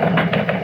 Thank you.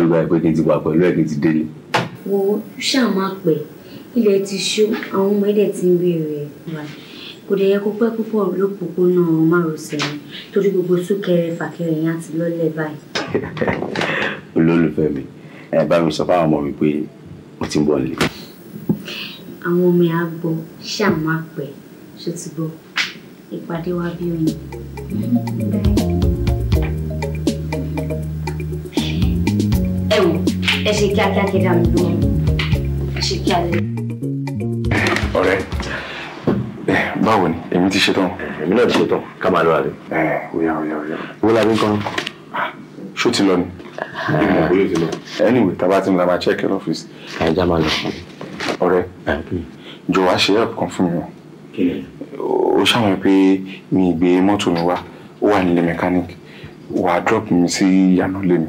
dàrú báyìí pé kí n ti wà pẹ̀lú ẹ̀ kí n ti délé. wo ṣáà máa pẹ́ ilẹ̀ ti ṣú àwọn ọmọ ẹ̀dẹ̀ ti ń béèrè wa kò dẹ̀ yẹ kó pẹ́ púpọ̀ lópòpónà márosẹ̀ ni torí gbogbo súnkẹrẹ fàkẹrẹ yẹn á ti lọ́lẹ̀ báyìí. olólùfẹ́ mi ẹ bá mi sọ fáwọn ọmọ mi pé mo ti ń bọ̀ nílé. àwọn ọmọ ẹ̀ á gbọ́ ṣáà máa pẹ́ ṣó ti gbọ́ ìpàdé wa bí oyin. kíákíá kí dá mi lóhùn ẹ ṣe kí alẹ́. ọ̀rẹ́ báwo ni èmi ti ṣetán. èmi náà ti ṣetán ká máa lọ àlè. ẹ oya oya oya owó la ní kan ah, ṣó ti lọ ni. ìmọ̀ ti lọ. anyway tá a bá ti ń máa check in office. ajá máa lọ. ọ̀rẹ́ jọ̀ọ́ wá ṣe help kan fún mi o. kí o ṣàwọn pé mi ì gbé mọ́tò mi wá ó wà nílé mechanic wàá drop mi sí ìyànà lé mi.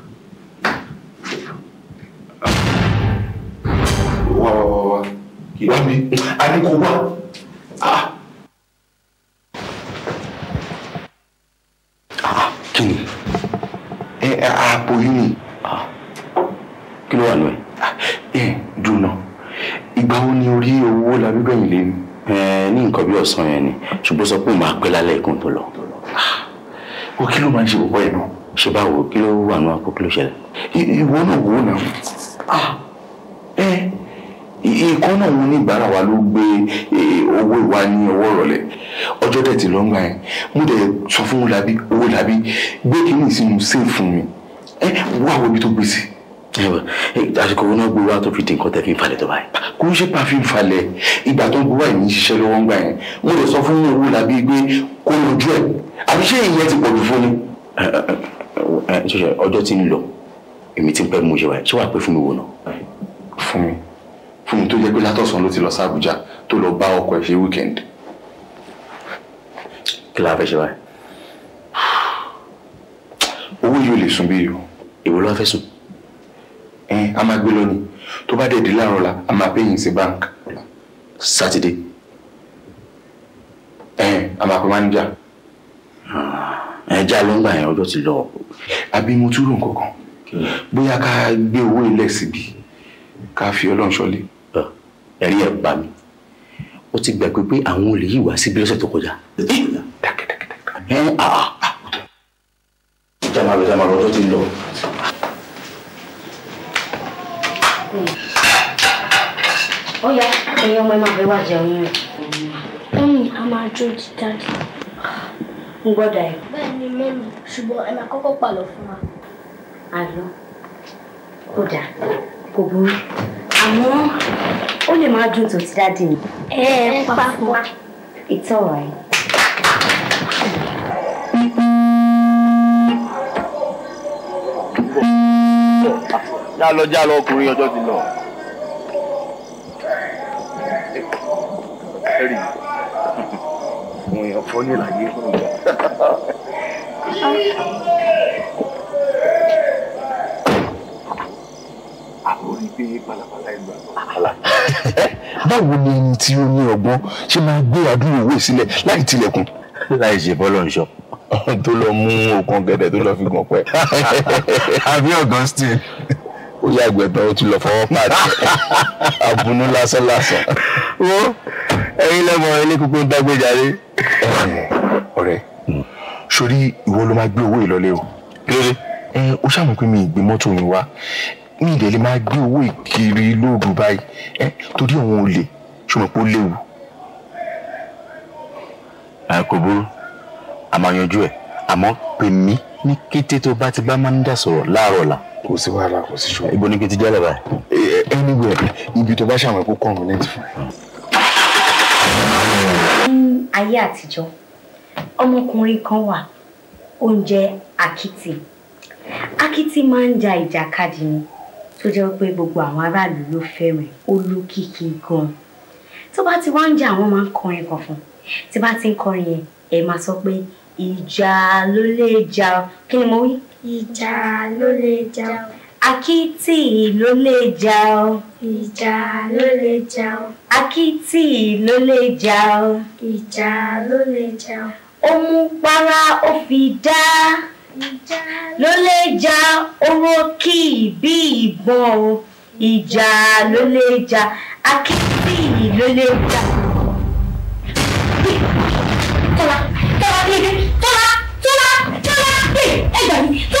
ìwà mi a ní kó wá. Ah. Ah, kí ni. ẹ ẹ àpò yìí ni. Ah. kí ló wà lọ ẹ. ẹ dùnà ìgbà wo ni orí owó la bí bẹ́yìn lé mi. ní nǹkan bí ọ̀sán yẹn ni ṣùgbọ́n sọ pé òun máa pẹ́ lálẹ́ ìkún tó lọ. o kí ló máa ń ṣe bọ́bọ́ yẹn náà. ṣe báwo kí ló wà nù àpò kí ló ṣẹlẹ̀. ìwọ náà wò ó náà. ẹ ikán náà wọn oníbàárà wa ló gbé owó ìwà ní ọwọ́ ìrọ̀lẹ́ ọjọ́ tẹ̀ tí lọ́ngbà yẹn mo dẹ̀ sọ fún labi owó labi gbé kínní sínú sèé fún mi ẹ wá wo ibi tó gbé sí. àsìkò wọn náà gbé wá tó fi di nǹkan tẹ̀ fi falẹ̀ tó báyìí. kò ń ṣe pa fi ìgbà tó ń gbé báyìí ní ṣiṣẹ́ lọ́wọ́ ń gbà yẹn mo dẹ̀ sọ fún owó labi gbé kó lójú ẹ̀ àbí ṣé ìyẹn ti pọ̀ jù fún mi. ọjọ́ ti ń lọ èmi ti ń pẹ́ mú fún tó jẹ́ pé látọ̀sán ló ti lọ sí Àbújá tó lọ bá ọkọ ẹ̀ ṣe weekend. kí la fẹ́ ṣe báyìí. owó yóò lè sùn bíi o. èwo ló wá fẹ́ sùn. ẹ a máa gbé lónìí tó bá dẹ̀ láàárọ̀ la a máa péyìn sí bank. sátidé. ẹ a máa pe máníjà. ẹ já ló ń gbà yẹn ọjọ́ ti lọ. àbí mo túrò nǹkan kan bóyá ká gbé owó ilẹ̀ síbi ká fi ọlọ́run ṣọlé ẹ̀rí ẹ̀ gbà mí ó ti gbàgbé pé àwọn olè yìí wá síbi lọ́sẹ̀ tó kọjá. Ah, ah. jama lọ jama lọ ọjọ́ ti lọ. ọ̀ya ẹ̀yin ọmọ ẹ máa fẹ́ wá jẹun yẹn. mẹ́mi a máa jó dídájú. n gbọ́dọ̀ ẹ̀. bẹ́ẹ̀ ni mẹ́mi ṣùgbọ́n ẹ máa kọ́kọ́ pàlọ́ fún wa. àlọ́ kódà kò burú àmọ́ ó lè máa dùn tó ti dáàdì mi. ẹ ẹ pa fún wa. it's alright. já lọ já lọ ọkùnrin ọjọ́ ti lọ. ẹ̀rì òun èèyàn fọ́ gbé pàlàpàlà ìgbà náà. báwo ni ẹni tí ó ní ọgbọ́n ṣe máa gbé àdúrà owó sílẹ̀ láì tilẹ̀kùn. láì ṣe bọ́lọ̀ ń ṣọ tó lọ mú okun gẹ̀dẹ̀ tó lọ fi gàn pẹ́. àbí Augustine. ó yà gbẹ̀dọ̀ ó tún lọ fọwọ́ pàdé àbùnú lásán lásán. wo ẹyin lẹ́mọ ilé kúkú ń dágbéjáde. Eh, ọ̀rẹ́ sórí ìwọ ló máa gbé owó ìlọlé o. kí ló dé. ẹ eh, ó ṣàmùpín mi ìgbé mọ́tò mi wá ní ilẹ̀ lè máa gbé owó ìkiri lóòrù báyìí ẹ torí àwọn olè ṣùgbọ́n pé ó léwu. kò burú a máa yanjú ẹ àmọ́ pè mí ní kété tó bá ti bá máníjà sọ̀rọ̀ láàárọ̀ la. kò sí wàhálà kò sí ṣòro. ibo ni kí n ti jẹ́ lẹ́bàá. anywhere ibi tó bá ṣàwọn ẹ̀kọ́ kọ̀ọ̀rùn ní ti fún ayé àtijọ́ ọmọkùnrin kan wà oúnjẹ akitì akitì máa ń ja ìjàkadì ni tó jẹ́ pé gbogbo àwọn aráàlú ló fẹ́ràn olókìkí gan-an tó bá ti wá ń jẹ àwọn máa ń kọrin kan fún tí bá ti ń kọrin yẹn ẹ máa sọ pé ìjà ló lè jà kí ni mo wí. ìjà ló lè jà o. akitì ló lè jà o. ìjà ló lè jà o. akitì ló lè jà o. ìjà ló lè jà o. ó mú para ó fi dá ló lè ja oró kì í bí ìbọn o ìjà ló lè ja akíkí ló lè ja. tọ́lá tọ́lá tọ́lá tọ́lá tọ́lá ẹ gbà mí tọ́lá.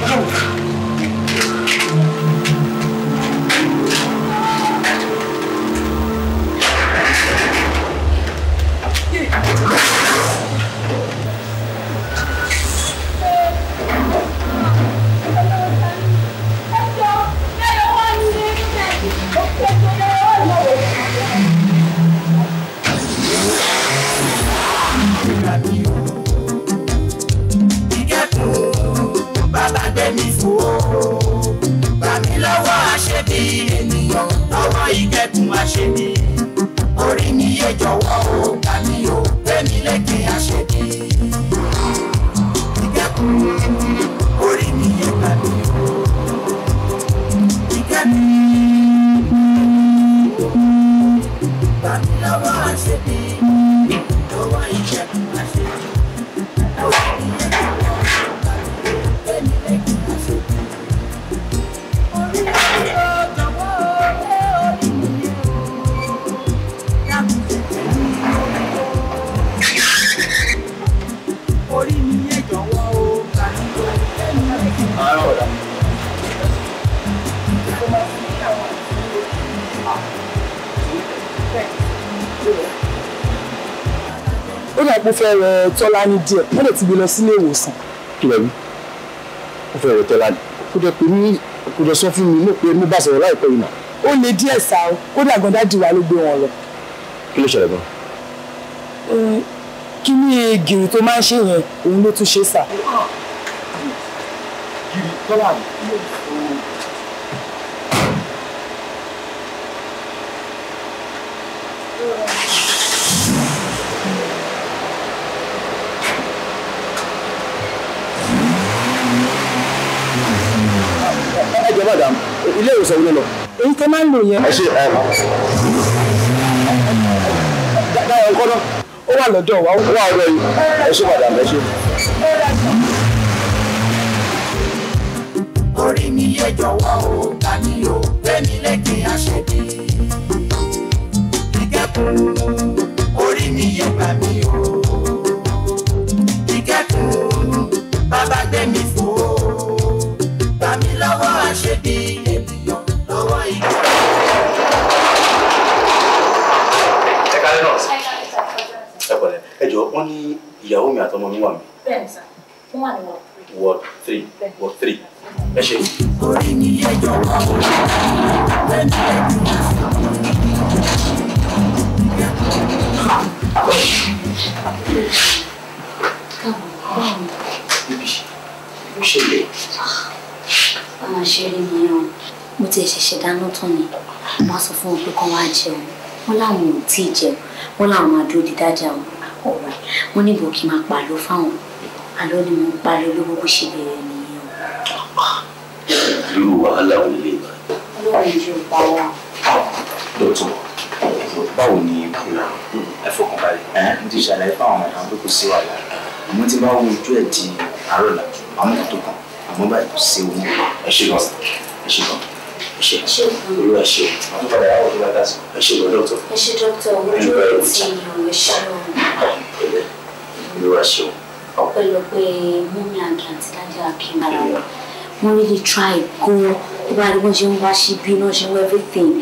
Não. alábàgbé mi fò ó. Gbà mí lọ́wọ́ aṣebi ènìyàn lọ́wọ́ ìkẹ́kùn aṣebi. Orí mi yé jọ̀wọ́ o. tọ́lá ní díẹ̀ wọ́n lè ti gbé lọ sílé ìwòsàn. kí lè rí ó fẹ́ rẹ̀ tọ́lá ni kó dẹ̀ pé ní kó dẹ̀ sọ fún mi ní pé mo bá sọ̀rọ̀ láìpẹ́ yìí nà. ó lè díẹ̀ sá o kódà gàdá di wa ló gbé wọn lọ. kí ló ṣẹlẹ̀ gan. kí ni gìrì tó máa ń ṣe yẹn òun ló tún ṣe sá. tọ́lá ni. sọ wọlé lọ. èyí tẹ máa ń lò yẹn. ẹ ṣe ẹ dáhùn kọ́nà ó wà lọ́dọ̀ wa ó wà ọ̀dọ̀ yìí ẹ ṣe padà ẹ ṣe. orí mi yẹ jọ̀wọ́ o ká ní o bẹ́ẹ̀ni lẹ́kì àṣẹbí ìkẹ́kùn orí mi yẹ gbà mí o ìkẹ́kùn bàbá gbẹ̀mí mi àtọmọ mi wà mí. bẹ́ẹ̀ni sá wọn wà ní ward three. ward three ward three ẹ ṣe. orí mi yé jọ̀wọ́ lẹ́nu ẹ̀dùn. ṣẹlẹ̀. ọmọ o mo ti ṣẹ̀ṣẹ̀ dáná tán ni mo á sọ fún wọn pé kán wá jẹun wọn láwọn ò tí ì jẹun wọn láwọn máa dúró dídájà wọn ọkọ wọn wọn ní bòókì máa pàlọ fáwọn àlọ́ ni mo ń pariwo lówó bó ṣe bẹ̀rẹ̀ nìyẹn o. irú wàhálà ò lè bá. ọlọ́run ṣe ń pa wá. dọ́tọ̀ báwo ni ìbúra ẹ̀fọ́kànbalẹ̀ ń ti ṣàlàyé fáwọn ọ̀nà pé kò sí wàhálà àmọ́ tí bá wo ojú ẹ̀ di àárọ̀ làjú àwọn kan tó kàn àmọ́ báyìí kò sí owó ẹ ṣe gan ẹ ṣe gan ẹ ṣe olúwa ṣe o àtúpadà àwọn tó bá dá sí ẹ ṣe gan dọ́tọ̀. ẹ ṣe dọ́tọ̀ ojú ẹ̀ ti ìròyìn ṣàlọ́ olúwa ṣeun. ọpẹ́lọpẹ́ mummy and aunty dájú akin ara wọn wọn really try gan bí wọn àdúgbò ṣe ń wá sí bí náà ṣe ń wá everything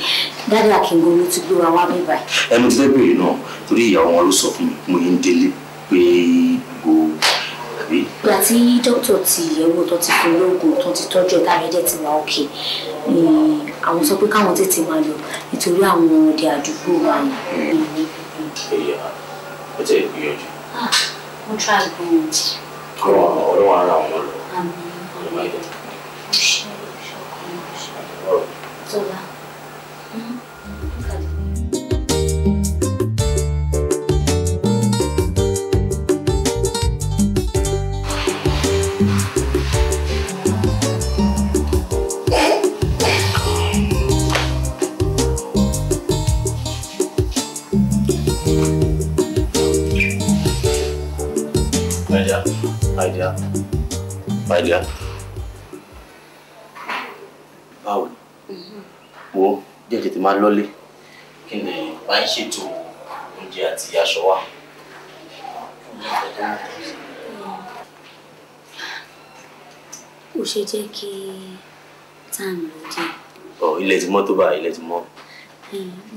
dájú akin gan ló ti gbé wa wá bí báyìí. ẹnu tí bẹ́ẹ̀ náà torí ìyàwó wọn ló sọ fún mi mo yín délé pé gbogbo àbí. ìgbà tí dókítà ti yẹ̀wò tó ti fún lóògùn tó ti tọ́jú ọ̀tá rẹ̀ dẹ̀ ti wá òkè àwọn sọ pé káwọn tètè máa lọ nítorí àwọn ọdẹ àdúgbò wa ni. Hmm. ẹ̀yà ẹ tẹ́ ìgbìyànjú. I'll try go on. ọlọ́run ọlọ́run ara wọn I'm ọ̀rẹ́ rẹ̀ ọ̀ṣẹ́ ìṣọ̀kan ọ̀ṣẹ́ tọ́lá. dear, my dear, my dear. Báwo ni? Mm-hmm. Wo díẹ̀ tètè máa lọ́lé. Kí ni máa ń ṣètò oúnjẹ àti aṣọ wa? Ó ṣe jẹ́ kí táàmù ló jẹ́. Ọ̀ ilẹ̀ ti mọ́ tó bá ilẹ̀ ti mọ́.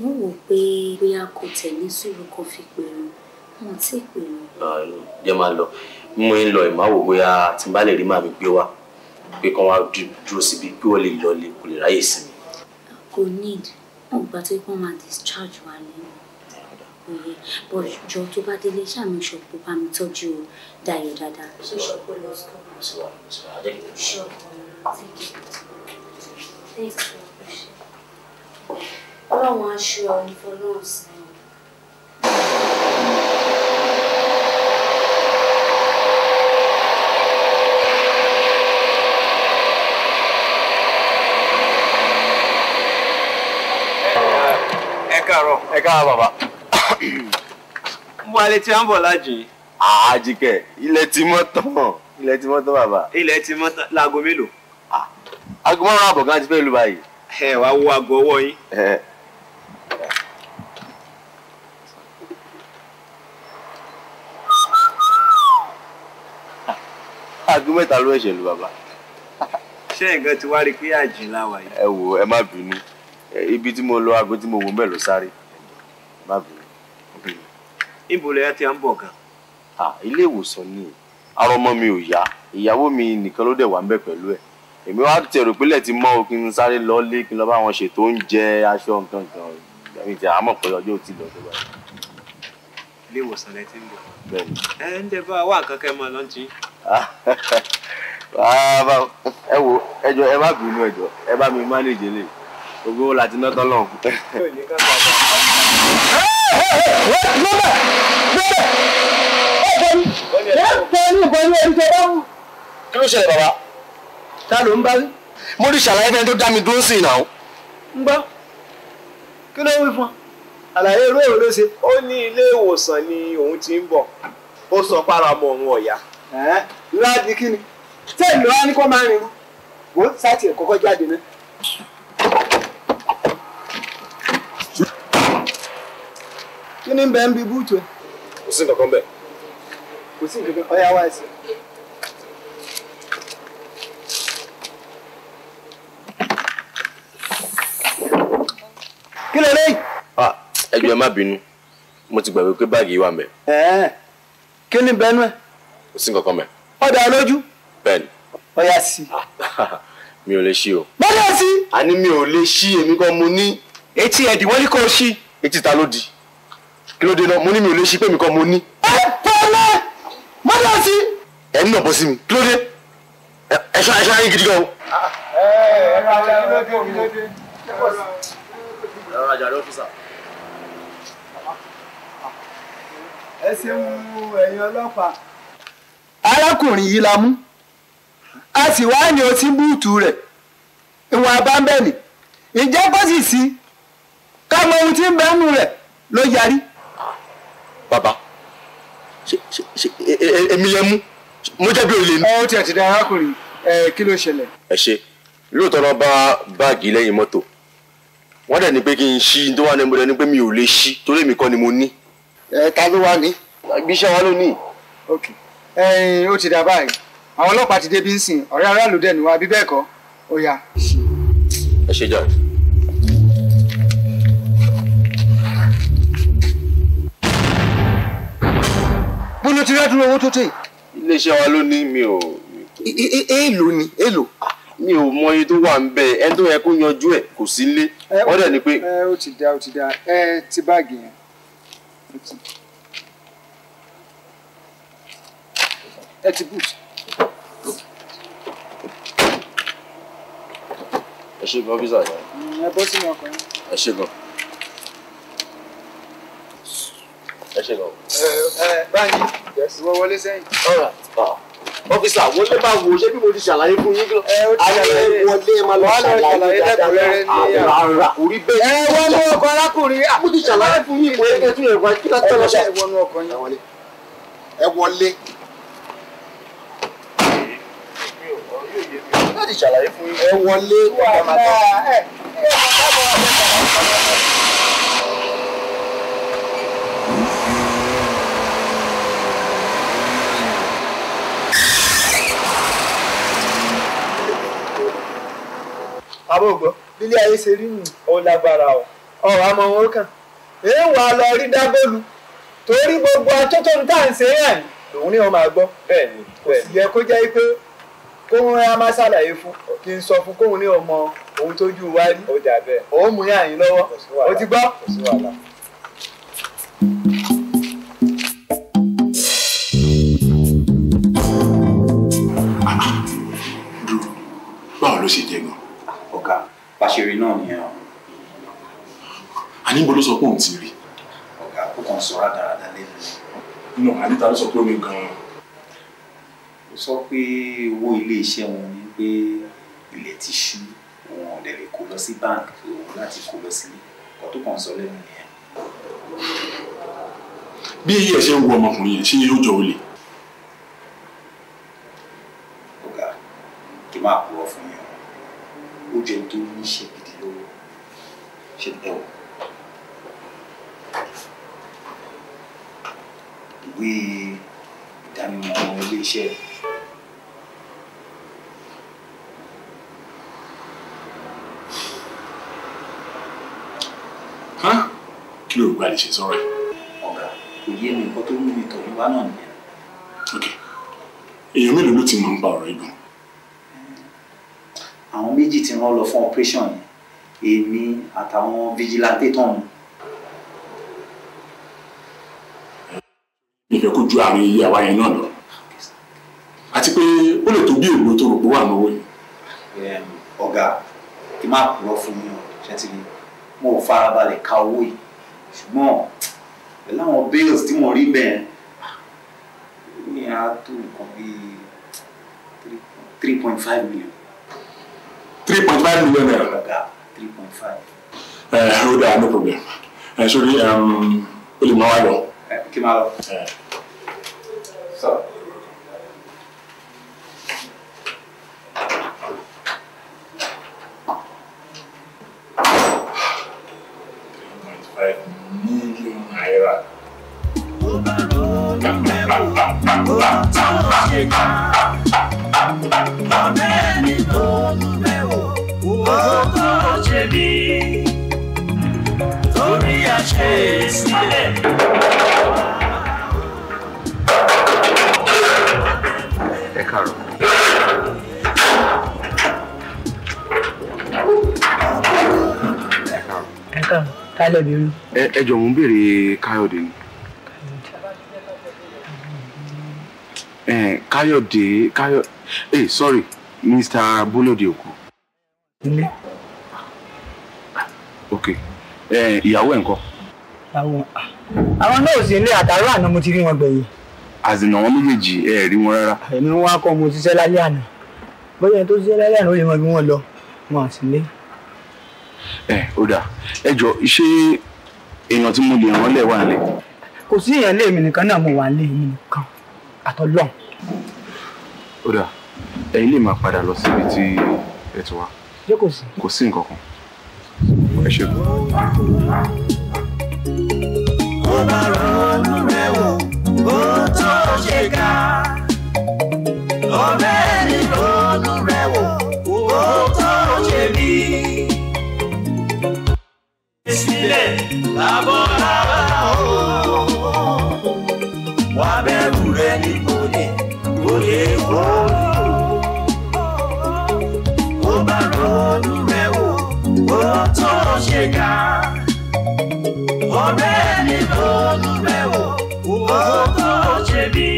Mo wò pé bóyá kò tẹ̀lé sùúrù kan fi pèrò, wọn ò tí ì ah, Jẹ́ máa lọ mo ń lọ ìmáwò bóyá tí n bá lè rí màmí gbé wá pé kán wá dúró síbi pé wọ́n lè lọlé kò lè ráyè sinmi. kò need wọn gbà tó kàn máa discharge wa lẹ́nu òye but jọ tó bá délé ṣàmì ìṣọ̀pọ̀ bá mi tọ́jú o dayọ̀ dáadáa. ṣé ìṣọ̀pọ̀ lọ sí ọ̀pọ̀ ìṣọ̀pọ̀ ìṣọ̀pọ̀ ọlọ́run aṣọ ìfọlọ́run sí. káàárọ̀. ẹ káàárọ̀ bàbá. wálé tí wọ́n ń bọ̀ lájì. àjíkẹ́ ah, ilẹ̀ ti mọ́ tán ilẹ̀ ti mọ́ tán bàbá. ilẹ̀ ti mọ́ tán láago mélòó. Ah, aago márùn-ún àbọ̀ kan ti fẹ́ lu báyìí. ẹ wàá wo aago ọwọ́ yín. Ah, aago mẹ́ta ló ẹ̀ṣẹ̀ lu bàbá. ṣé nǹkan ti wá rí pé àjìn láwa yìí. ẹ wo ẹ má bínú ibi tí mo lọ aago tí mo wò mẹ́ẹ̀ ló sáré má bínú. ibo lẹ́yà tí ń bọ̀ gan. ilé ìwòsàn ni ara ọmọ mi ò yá ìyàwó mi nìkan ló dẹ̀ wà ń bẹ̀ pẹ̀lú ẹ̀ èmi wá tẹ̀rù pínlẹ̀ ti mọ́ o kí n sáré lọ lé kí n lọ bá wọn ṣètò oúnjẹ aṣọ nǹkan kan èmi ti àmọ̀ pé ọjọ́ ò lọ tó báyìí. ilé ìwòsàn lẹ ti ń bọ̀. ẹ ń dẹ bá wà kankan mọ lọ́njì. ẹ wo ẹ jọ ẹ má bínú ẹ jọ ẹ bá mi má lè jẹ lè. ogo ụlọ dị tọ́lọ̀. kí ta mo rí ṣàlàyé fẹ́ni tó dá mi dúró sí ìnà o. ń kí ló wí fún ọ. àlàyé irú èrò ṣe. ó ní ilé ìwòsàn ni òun ti ń bọ̀ ó sọ òun ọ̀yà. kí ni tẹ́lẹ̀ wá ní kó máa rìn wọ́n sátì kọ́kọ́ jáde náà. kí ni bẹ́ẹ̀ ń bi búùtù ẹ. kò sí nǹkan bẹ́ẹ̀. kò sí nǹkan ọ̀yà wá ẹsẹ̀. kí lè léyìí. ẹ jọ̀ọ́ ẹ má bínú mo ti gbàgbé pé báàgì yìí wà mẹ́. kí ni bẹ́ẹ̀ nú ẹ. kò sí nǹkan kan mẹ́. ọ̀dà lójú. bẹ́ẹ̀ni. ọ̀yà sí. Ah, mi ò lè ṣí o. bọ́dọ̀ sí. àní mi ò lè ṣí èmi kan mo ní. etí ẹ̀dínwó ní kò ṣí. etí ta ló di kí ló dé náà mo ní mi ò lè ṣí pé mi kan mo ní. ẹ pẹ̀lẹ́ mọdà sí. ẹ ní ọ̀pọ̀ sí mi kí ló dé ẹ ṣọ́ ẹ ṣọ́ ayé gidi gan o. ẹ ẹ ẹ kí ló dé kí ló dé. ẹ rọra jàre ọ́fíìsà. ẹ ṣeun ẹ̀yin ọlọ́pàá. arákùnrin yìí la mú a sì wá ní otí búùtù rẹ̀ ìwọ̀n abámbẹ́ni ìjẹ́ kó sì sí ká mọ ohun tí ń bẹ́ẹ̀ nù rẹ̀ ló yarí bàbá èmi yẹn mú mo jẹ́bi olè mi. ó tiẹ̀ ti da arákùnrin kí ló ṣẹlẹ̀. ẹ ṣe lóòótọ́ náà bá báàgì lẹ́yìn mọ́tò wọ́n dẹ̀ ní pé kí n ṣí tó wà ní mo dẹ̀ ní pé mi ò lè ṣí torí èmi kọ́ ni mo ní. ẹ ta ló wá ní. iṣẹ́ wa ló ní. ok ó ti dà báyìí àwọn ọlọ́pàá ti débi ń sìn ọ̀rẹ́ aráàlú dẹ̀ níwá bíbẹ́ ẹ̀kọ́ ó yá. ẹ ṣe jàre. bó ló ti rẹ́ dúró owó tó tẹ̀. iléeṣẹ́ wa ló ní mi ò. èèlò ni èèlò. Ah, mi ò mọ iye tó wà ń bẹ ẹni tó yẹ kó yanjú ẹ kò sí nílé wọn dẹ ni pé. ẹ ó ti da ó ti da ẹ ti báàgì yẹn. ẹ ti bùt. ẹ ṣe gan fisa ẹ bọ́ sínú ọkọ̀ yẹn. ẹ ṣe gan. ẹ ṣe lọ. báyìí ìwọ wọlé sẹ́yìn. ọ́fíìsà wọlé bá wo ṣé bí mo ti ṣàlàyé fún yín lọ. ayé wọlé ẹ máa lọ ṣàlàyé dáadáa àwọn ará kò rí bẹ́ẹ̀. ẹ wọnú ọkọ arákùnrin mo ti ṣàlàyé fún yín ìwé ẹgbẹ́ tún ẹ̀rọ kí látọ̀ lọ ṣe. ẹ wọnú ọkọ yín. ẹ wọlé. láti ṣàlàyé fún yín. ẹ wọlé. wà á máa ẹ ẹ bàbá mi ò bàbá mi. àbògbọ bílé ayé ṣe rí nù ó lágbára o ọ̀rọ̀ àmọ́ wọn kàn èèwà lọ rí dábòlù torí gbogbo atótó ń tà ń ṣe yàn lòun ní wọn máa gbọ́ bẹ́ẹ̀ ni kò sì yẹ kó jẹ́ pé kóhun ẹ máa ṣàlàyé fún kí n sọ fún kóhun ní ọmọ òun tójú wa rí ó dà bẹ́ẹ̀ òun mú yàn yín lọ́wọ́ ó ti gbọ́. Ah, ah. báwo ló ṣe jẹ gan ọ̀gá bàṣẹ̀rẹ̀ náà nìyẹn o. àníbo ló sọ pé òun ti rí. ọ̀gá ó kàn sọ rádaràda lẹ́nu. nínú àníta ló sọ pé omi gan-an. ó sọ pé owó ilé iṣẹ́ wọn ni pé ilẹ̀ ti ṣú òun ọ̀dẹ̀ lè kó lọ sí báńkì òun láti kó lọ sílé ọkọ̀ tó kàn sọ lẹ́nu nìyẹn. bí eyín ẹ̀ ṣe ń wo ọmọkùnrin yẹn ṣé yóò jọ olè. ọ̀gá kí n máa purọ́ fún yín ó jẹ́ tó ní ṣe gidi lọ́wọ́ ṣe ẹ wọ. ìwé ìdánimọ̀ àwọn ilé-iṣẹ́ kí ló gba lè ṣe sọ̀rọ̀ yìí. ọ̀gá kò yé mi nǹkan tó mú mi tọ̀ yín náà nìyẹn. èèyàn mélòó ló ti mọ̀ ń pa ọ̀rọ̀ yìí àwọn méjì tí wọ́n lọ fún operation yìí èmi àtàwọn vigilante tán ni. ìfẹ́ kó ju àwọn iye àwa yẹn náà lọ àti pé ó lè tó bí òwúrò tó rò pé wà lọ́wọ́ yìí. ọ̀gá kí n má purọ́ fún yín o ṣẹ́ntìlì mo ò farabalẹ̀ ka owó yìí ṣùgbọ́n pẹ̀lú àwọn bills tí mo rí bẹ́ẹ̀ ní a tó nǹkan bíi three point five million three point five million naira. ọ̀gá three point five. ẹ ó no problem ẹ sori o lè máa wá lọ. ẹ kí n máa lọ. sọ. Yeah. kálẹ̀ mi rú. ẹ jọ̀wọ́ ń béèrè káyọ̀dé ni. káyọ̀dé káyọ̀ eh sorry mr bolóde òkú. ilé. ok ìyàwó ẹ̀ ń kọ́. àwọn ah. àwọn náà ò sí ilé àtàrà àná mo ti rí wọn gbẹ̀yìn. àzìnà wọn méjèèjì ẹ rí wọn rárá. èmi wọn á kọ́ mo ti ṣiṣẹ́ lálẹ́ àná bóyá ẹni tó ṣiṣẹ́ lálẹ́ àná ó lè mọ bí wọ́n lọ wọn àti ẹ ó dà ẹ jọ ṣé èèyàn tí mo lè ràn lẹ̀ wà nílé. kò sí èèyàn lé mi nìkan náà mo wà nílé mi nìkan àtọ́lọ́n. ó dà ẹ̀yin lè máa padà lọ síbi tí ẹ ti wá. ṣé kò sí. kò sí nǹkan kan ẹ ṣe. ó bá ronú rẹ̀ wò ó tó ṣe ká ọbẹ̀ ní ronú rẹ̀. sílẹ̀ lábọ́ lábá o. wà á bẹ̀rù rẹ ní kòlè kòlè wò ó. ó bá ronú rẹ wò ó tó ṣe ká. ọ̀rẹ́ ní ronú rẹ wò ó tó ṣe bí.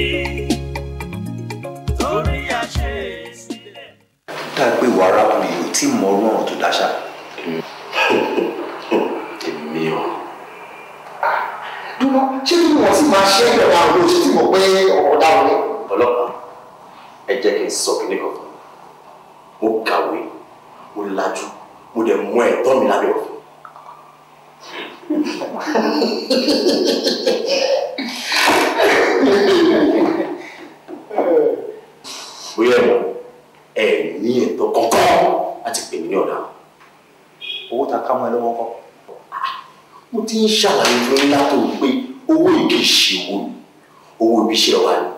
wàrà mi ò tí ì mọ ọrùn dáṣà. dúró ṣé kí wọ́n sì máa ṣe ẹ̀dọ̀ dáhùn ló ṣe tí mo pé ọ̀rọ̀ dáhùn ni. ọlọ́pàá ẹ jẹ́ kí n sọ kí nìkan fún mi mo kàwé mo lajú mo dẹ̀ mọ ẹ̀tọ́ mi lábẹ́ òfin. bóyá ẹ̀mọ́ ẹ̀ ní ẹ̀tọ́ kankan láti pè mí ní ọ̀daràn. owó ta ká mọ́ ẹ lọ́wọ́ kọ́ mo ti ń ṣàlàyé fún yín látò pé owó ìkè ṣèwò ni owó ibi iṣẹ́ wa ni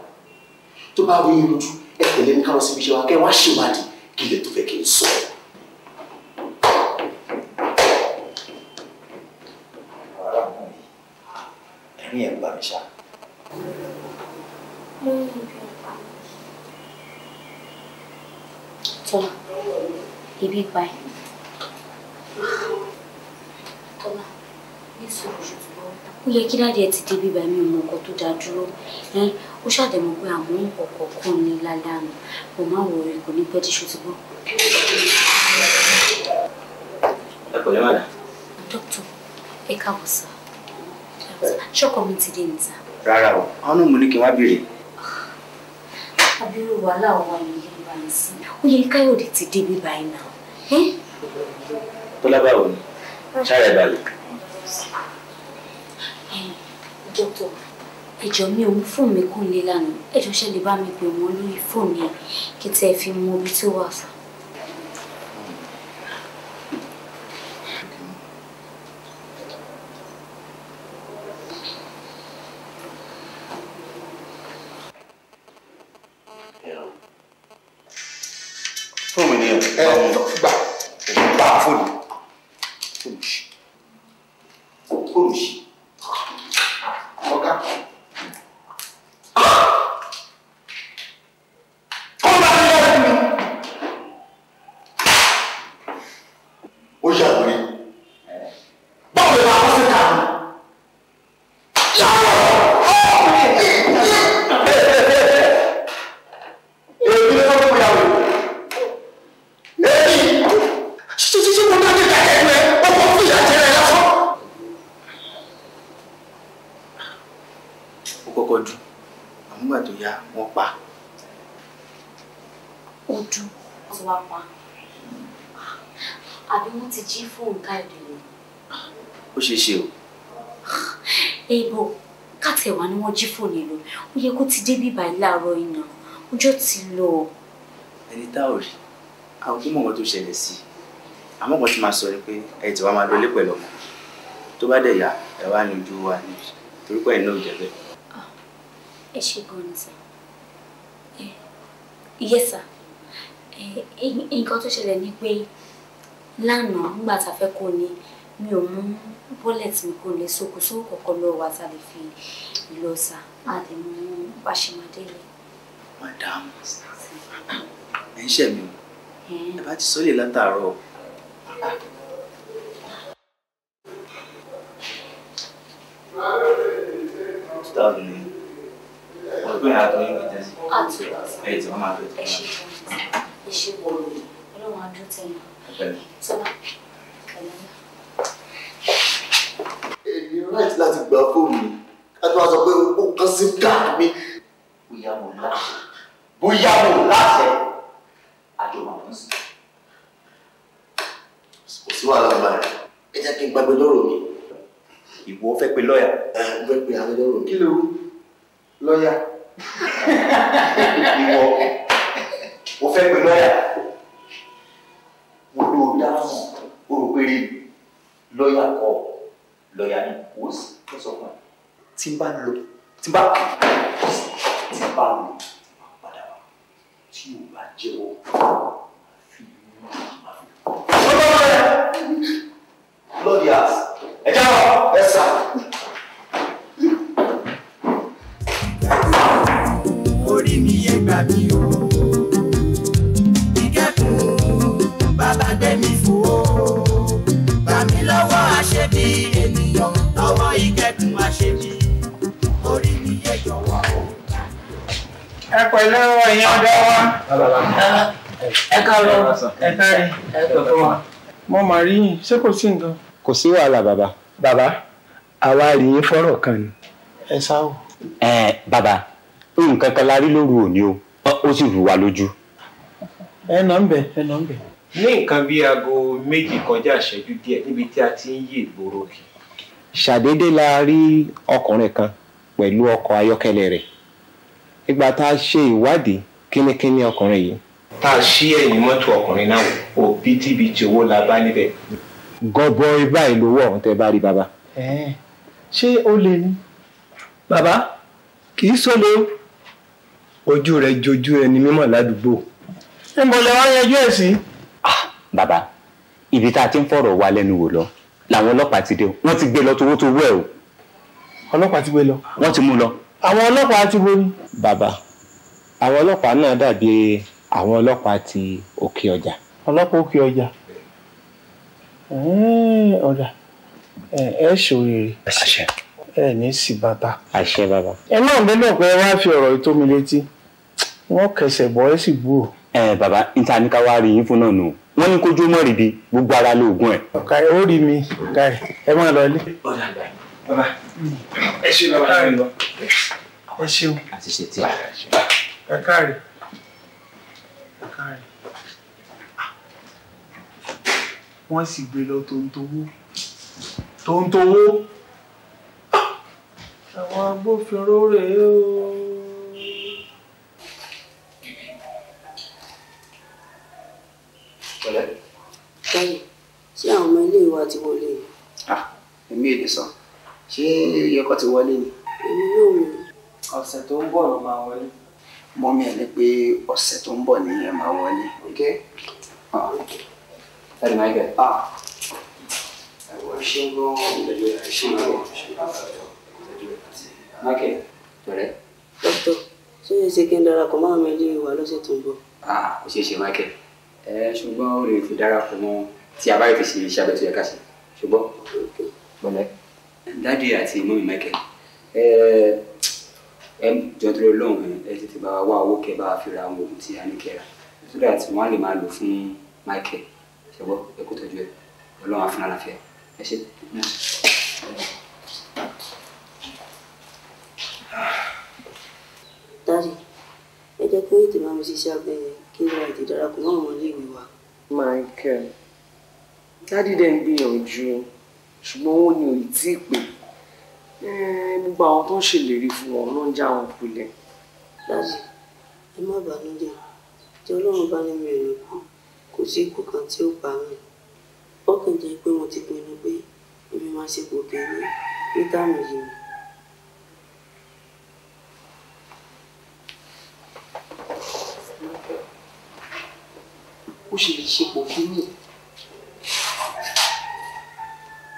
tó bá wí irú ẹ tẹ̀lé mi káwọn síbi iṣẹ́ wa kẹ́ wá ṣèwádìí kí ilẹ̀ tó fẹ́ kí n sọ. ẹ̀rín ẹ̀ ń bà mí ṣá. Tọ́lá, ibi báyìí. Tọ́lá ó yẹ kí dáadé ti débi ìgbà mi ò mọ nǹkan tó dá dúró ó ṣàdẹ̀mọ́ pé àmọ́ ọ̀kọ̀ kan ní lálẹ́ àná mo máa wọ̀ rẹ̀ kò ní pẹ́ tí ṣo ti gbọ́. ẹ kò lè má dà. dókítà ẹ káàbọ̀ sá ṣọ́kọ mi ti dé ní rárá o àwọn náà mo ní kí n wá béèrè. abirú wàhálà wa ni yìí wà ní sí ó yẹ káyọ̀dé ti débi báyìí náà. tọ́lá báwo ni ah. ṣáà ẹ̀ balẹ̀ dókítà ẹjọ mi ò mú fóònù mi kún lé lánàá ẹjọ ṣe lè bá mi pè wọn lórí fóònù yẹn kí tẹ fi mọ ibi tó wà sá. fóònù mi ni ẹ gbà gbà fóònù fóònù ṣe. ṣeé ṣe o. èèbò káàtì ẹ̀wà ni wọ́n jí fóònù lò ó yẹ kó ti dé bí báyìí láàárọ̀ iná ọjọ́ ti lọ. ẹni tá ò rí àwọn tó mọ̀ wọ́n tó ṣẹlẹ̀ sí àmọ́ kan ti máa sọ pé ẹ ti wá máa lọlé pẹ̀lú ọmọ tó bá dẹ̀ yá ẹ wá ní ojú wa ní torí pé ẹ̀ náà ò jẹ́ bẹ́ẹ̀. Ah, ẹ ṣe gan-an sir eh, yes sir eh, nǹkan tó ṣẹlẹ̀ ni pé lánàá nígbà tá a fẹ́ kó ni mi ò mú bọ́lẹ̀tì mi kò lè sóko sówó kọ̀ọ̀kan lọ wa ta lè fi lọ sà á lè mú bá ṣe máa délé. madam ẹ ń ṣẹ̀ o ẹ bá ti sọ́lẹ̀ látàárọ̀ Stop me. What's going to happen with this? Àtúrà. Ẹ ti wọ́n máa fẹ́ tẹ̀lé. Ẹ ṣe èmi right láti gba fóònù mi láti wá sọ pé ó kàn sí káàdì mi bóyá mo láṣẹ bóyá mo láṣẹ àjọ máa mú sí. kò sí wàhálà ọba rẹ ẹ jẹ́ kí n gbàgbé lọ́rọ̀ mi. ìwọ fẹ́ pe lọ́ọ̀yà. ẹ fẹ́ pe àwọn lọ́rọ̀ mi. kí ló lọ́ọ̀yà. ìwọ mo fẹ́ pe lọ́ọ̀yà mo lò ó dáhùn o rò lọ́ọ̀yà kọ́ lọ́ọ̀yà ni wò ó sì tó sọ fún ẹ tí n bá lọ tí n bá tí n bá lọ má padà wá tí o bá jẹ́wọ́ fi mú ma fi kọ́. lọ́ọ̀yà ẹ jáwọ́ ẹ sà. orí mi yé gbà o. yìí kẹ́dùn àṣebí orí wa ẹ ẹ káàárọ̀ ẹ wa. mo mà rí yìn, ṣé kò sí nǹkan. kò sí wàhálà bàbá bàbá àwa rí yín fọ́rọ̀ kan ni. ẹ o. ẹ bàbá nǹkan kan la rí lóru òní o ó rù wá lójú. ẹ nà ń ẹ nà ń bẹ. ní nǹkan bíi aago méjì kọjá ìṣẹ́jú a ti ń yí ìgboro ṣàdédé la rí ọkùnrin kan pẹ̀lú ọkọ̀ ayọ́kẹ́lẹ́ rẹ̀ ìgbà tá a ṣe ìwádìí kínníkínní ọkùnrin yìí. tá a ṣí ẹ̀yìn mọ́tò ọkùnrin náà wò bítíbitì owó la bá níbẹ̀. gọbọi báyìí ló wọ̀ ọ̀hún tẹ́ bá rí bàbá. ṣé ó lè ní. bàbá kì í sọ̀lẹ̀ ojú rẹ̀ jojú ẹni mímọ̀ ládùúgbò. ń bọ̀ lẹ́wọ́ yanjú ẹ̀ sí. Ah, bàbá ibi tá a ti ń fọ̀rọ̀ wa lẹ́nu wò lọ làwọn ọlọ́pàá ti dé o wọ́n ti gbé lọ towó towó ẹ̀ o. ọlọ́pàá ti gbé lọ. wọ́n ti mú lọ. àwọn ọlọ́pàá ti wo ni. bàbá àwọn ọlọ́pàá náà dàbí àwọn ọlọ́pàá ti òkè ọjà. ọlọ́pàá òkè ọjà ọ̀dà ẹ ṣòrèrè ẹ ní sì bàtà. àṣẹ bàbá. ẹ náà bẹ́ẹ̀ pé ẹ fi ọ̀rọ̀ ètò mi létí wọ́n kẹsẹ̀ bọ́ ẹ sì bú o. ẹ bàbá níta ní ká wá rí yín fún náà nù. No wọ́n ní kójú mọ́ rìbí gbogbo ara lóògùn ẹ̀. ọ̀ka ẹ̀ ó rí mi ọ̀ka ẹ̀ ẹ máa lọ ilé. ọ̀dà bàbá ẹ ṣe bàbá rẹ lọ. ẹ ṣeun. àti ṣe tí a. ẹ káàárẹ̀ ẹ káàárẹ̀ wọ́n sì gbé lọ tòǹtòwó tòǹtòwó àwọn agbófinró rèé o. pẹ̀lẹ́. báyìí ṣé àwọn ọmọ ilé wa ti wọlé ni. ah èmi èdè sàn ṣé iye kan ti wọlé ni. èmi yóò mú un. ọ̀sẹ̀ tó ń bọ̀ ló máa wọlé. mọ́mí ẹ̀ ní pé ọ̀sẹ̀ tó ń bọ̀ ni ẹ máa wọlé. ok. Ah. ẹ̀rì máa gẹ̀. Ah. ẹ̀wọ̀n ṣé ń gbọ́ ìdájọ́ ìṣẹ́ ìwọ̀n ṣe máa gẹ̀. pẹ̀lẹ́. dókítà ṣé ẹ ṣe kí n darapọ̀ mọ́ àwọn ilé wa lọ́sẹ̀ tó ń bọ̀. ah ó ṣeé ṣe máa ẹ ṣùgbọ́n ó lè fi darapọ̀ mọ́ tí a bá yẹ fi ṣe iṣẹ́ abẹ tó yẹ ká ṣe ṣùgbọ́n pẹ̀lẹ́. dáàdi àti mọ́mí Michael ẹ ẹ jọ tó lọ́hùn ẹ tètè bá wá owó kẹ bá fi ra àwọn oògùn tí a ní kẹra so that wọ́n á lè máa lò fún Michael ṣùgbọ́n ẹ kó tọ́jú ẹ ọlọ́run àfúnà láfíà ẹ ṣe. dáàdi ẹ jẹ́ kó ètò máa mú ṣiṣẹ́ abẹ yẹn kí n ra ètè darapọ̀ mọ́ àwọn iléèwé wa. Michael dádì dẹ̀ ń gbìyànjú ṣùgbọ́n ó ní òyì tí ì pè eh, gbogbo àwọn tó ń ṣèlérí fún wọn ló ń já wọn kulẹ̀. dádì ẹ má bànújẹ́ tí Ọlọ́run bá ní mi ò ní kú kò sí ikú kan tí ó pa mí ó kàn jẹ́ pé mo ti pinnu pé èmi máa ṣe kò kéré ní táàmù yìí ó ṣe lè ṣe pòkí ní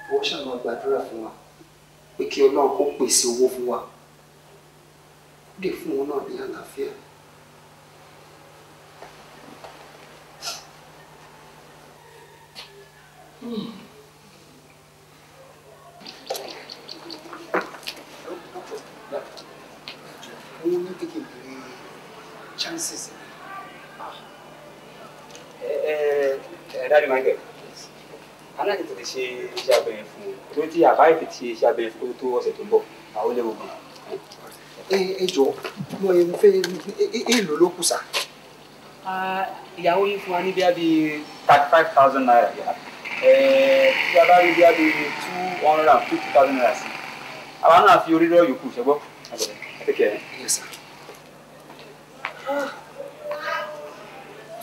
ìwọ ṣàmà gbàdúrà fún wa pé kí ọlọ́run kó pèsè owó fún wa ó lè fún wọn náà ní àlàáfíà. Hmm. wife ti iṣẹ́ abẹ tó tó ọ̀sẹ̀ tó ń bọ̀ àwọn olè ogun. ẹ jọ mo ẹ fẹ́ èèlò ló kù sá. ìyàwó yìí fún wa ní bíi bíi thirty five thousand naira yá tí a bá rí bíi bíi two hundred and fifty thousand naira sí àwa náà fi orí rọ yòókù ṣẹgbọ́ àtẹkẹ́ ẹ.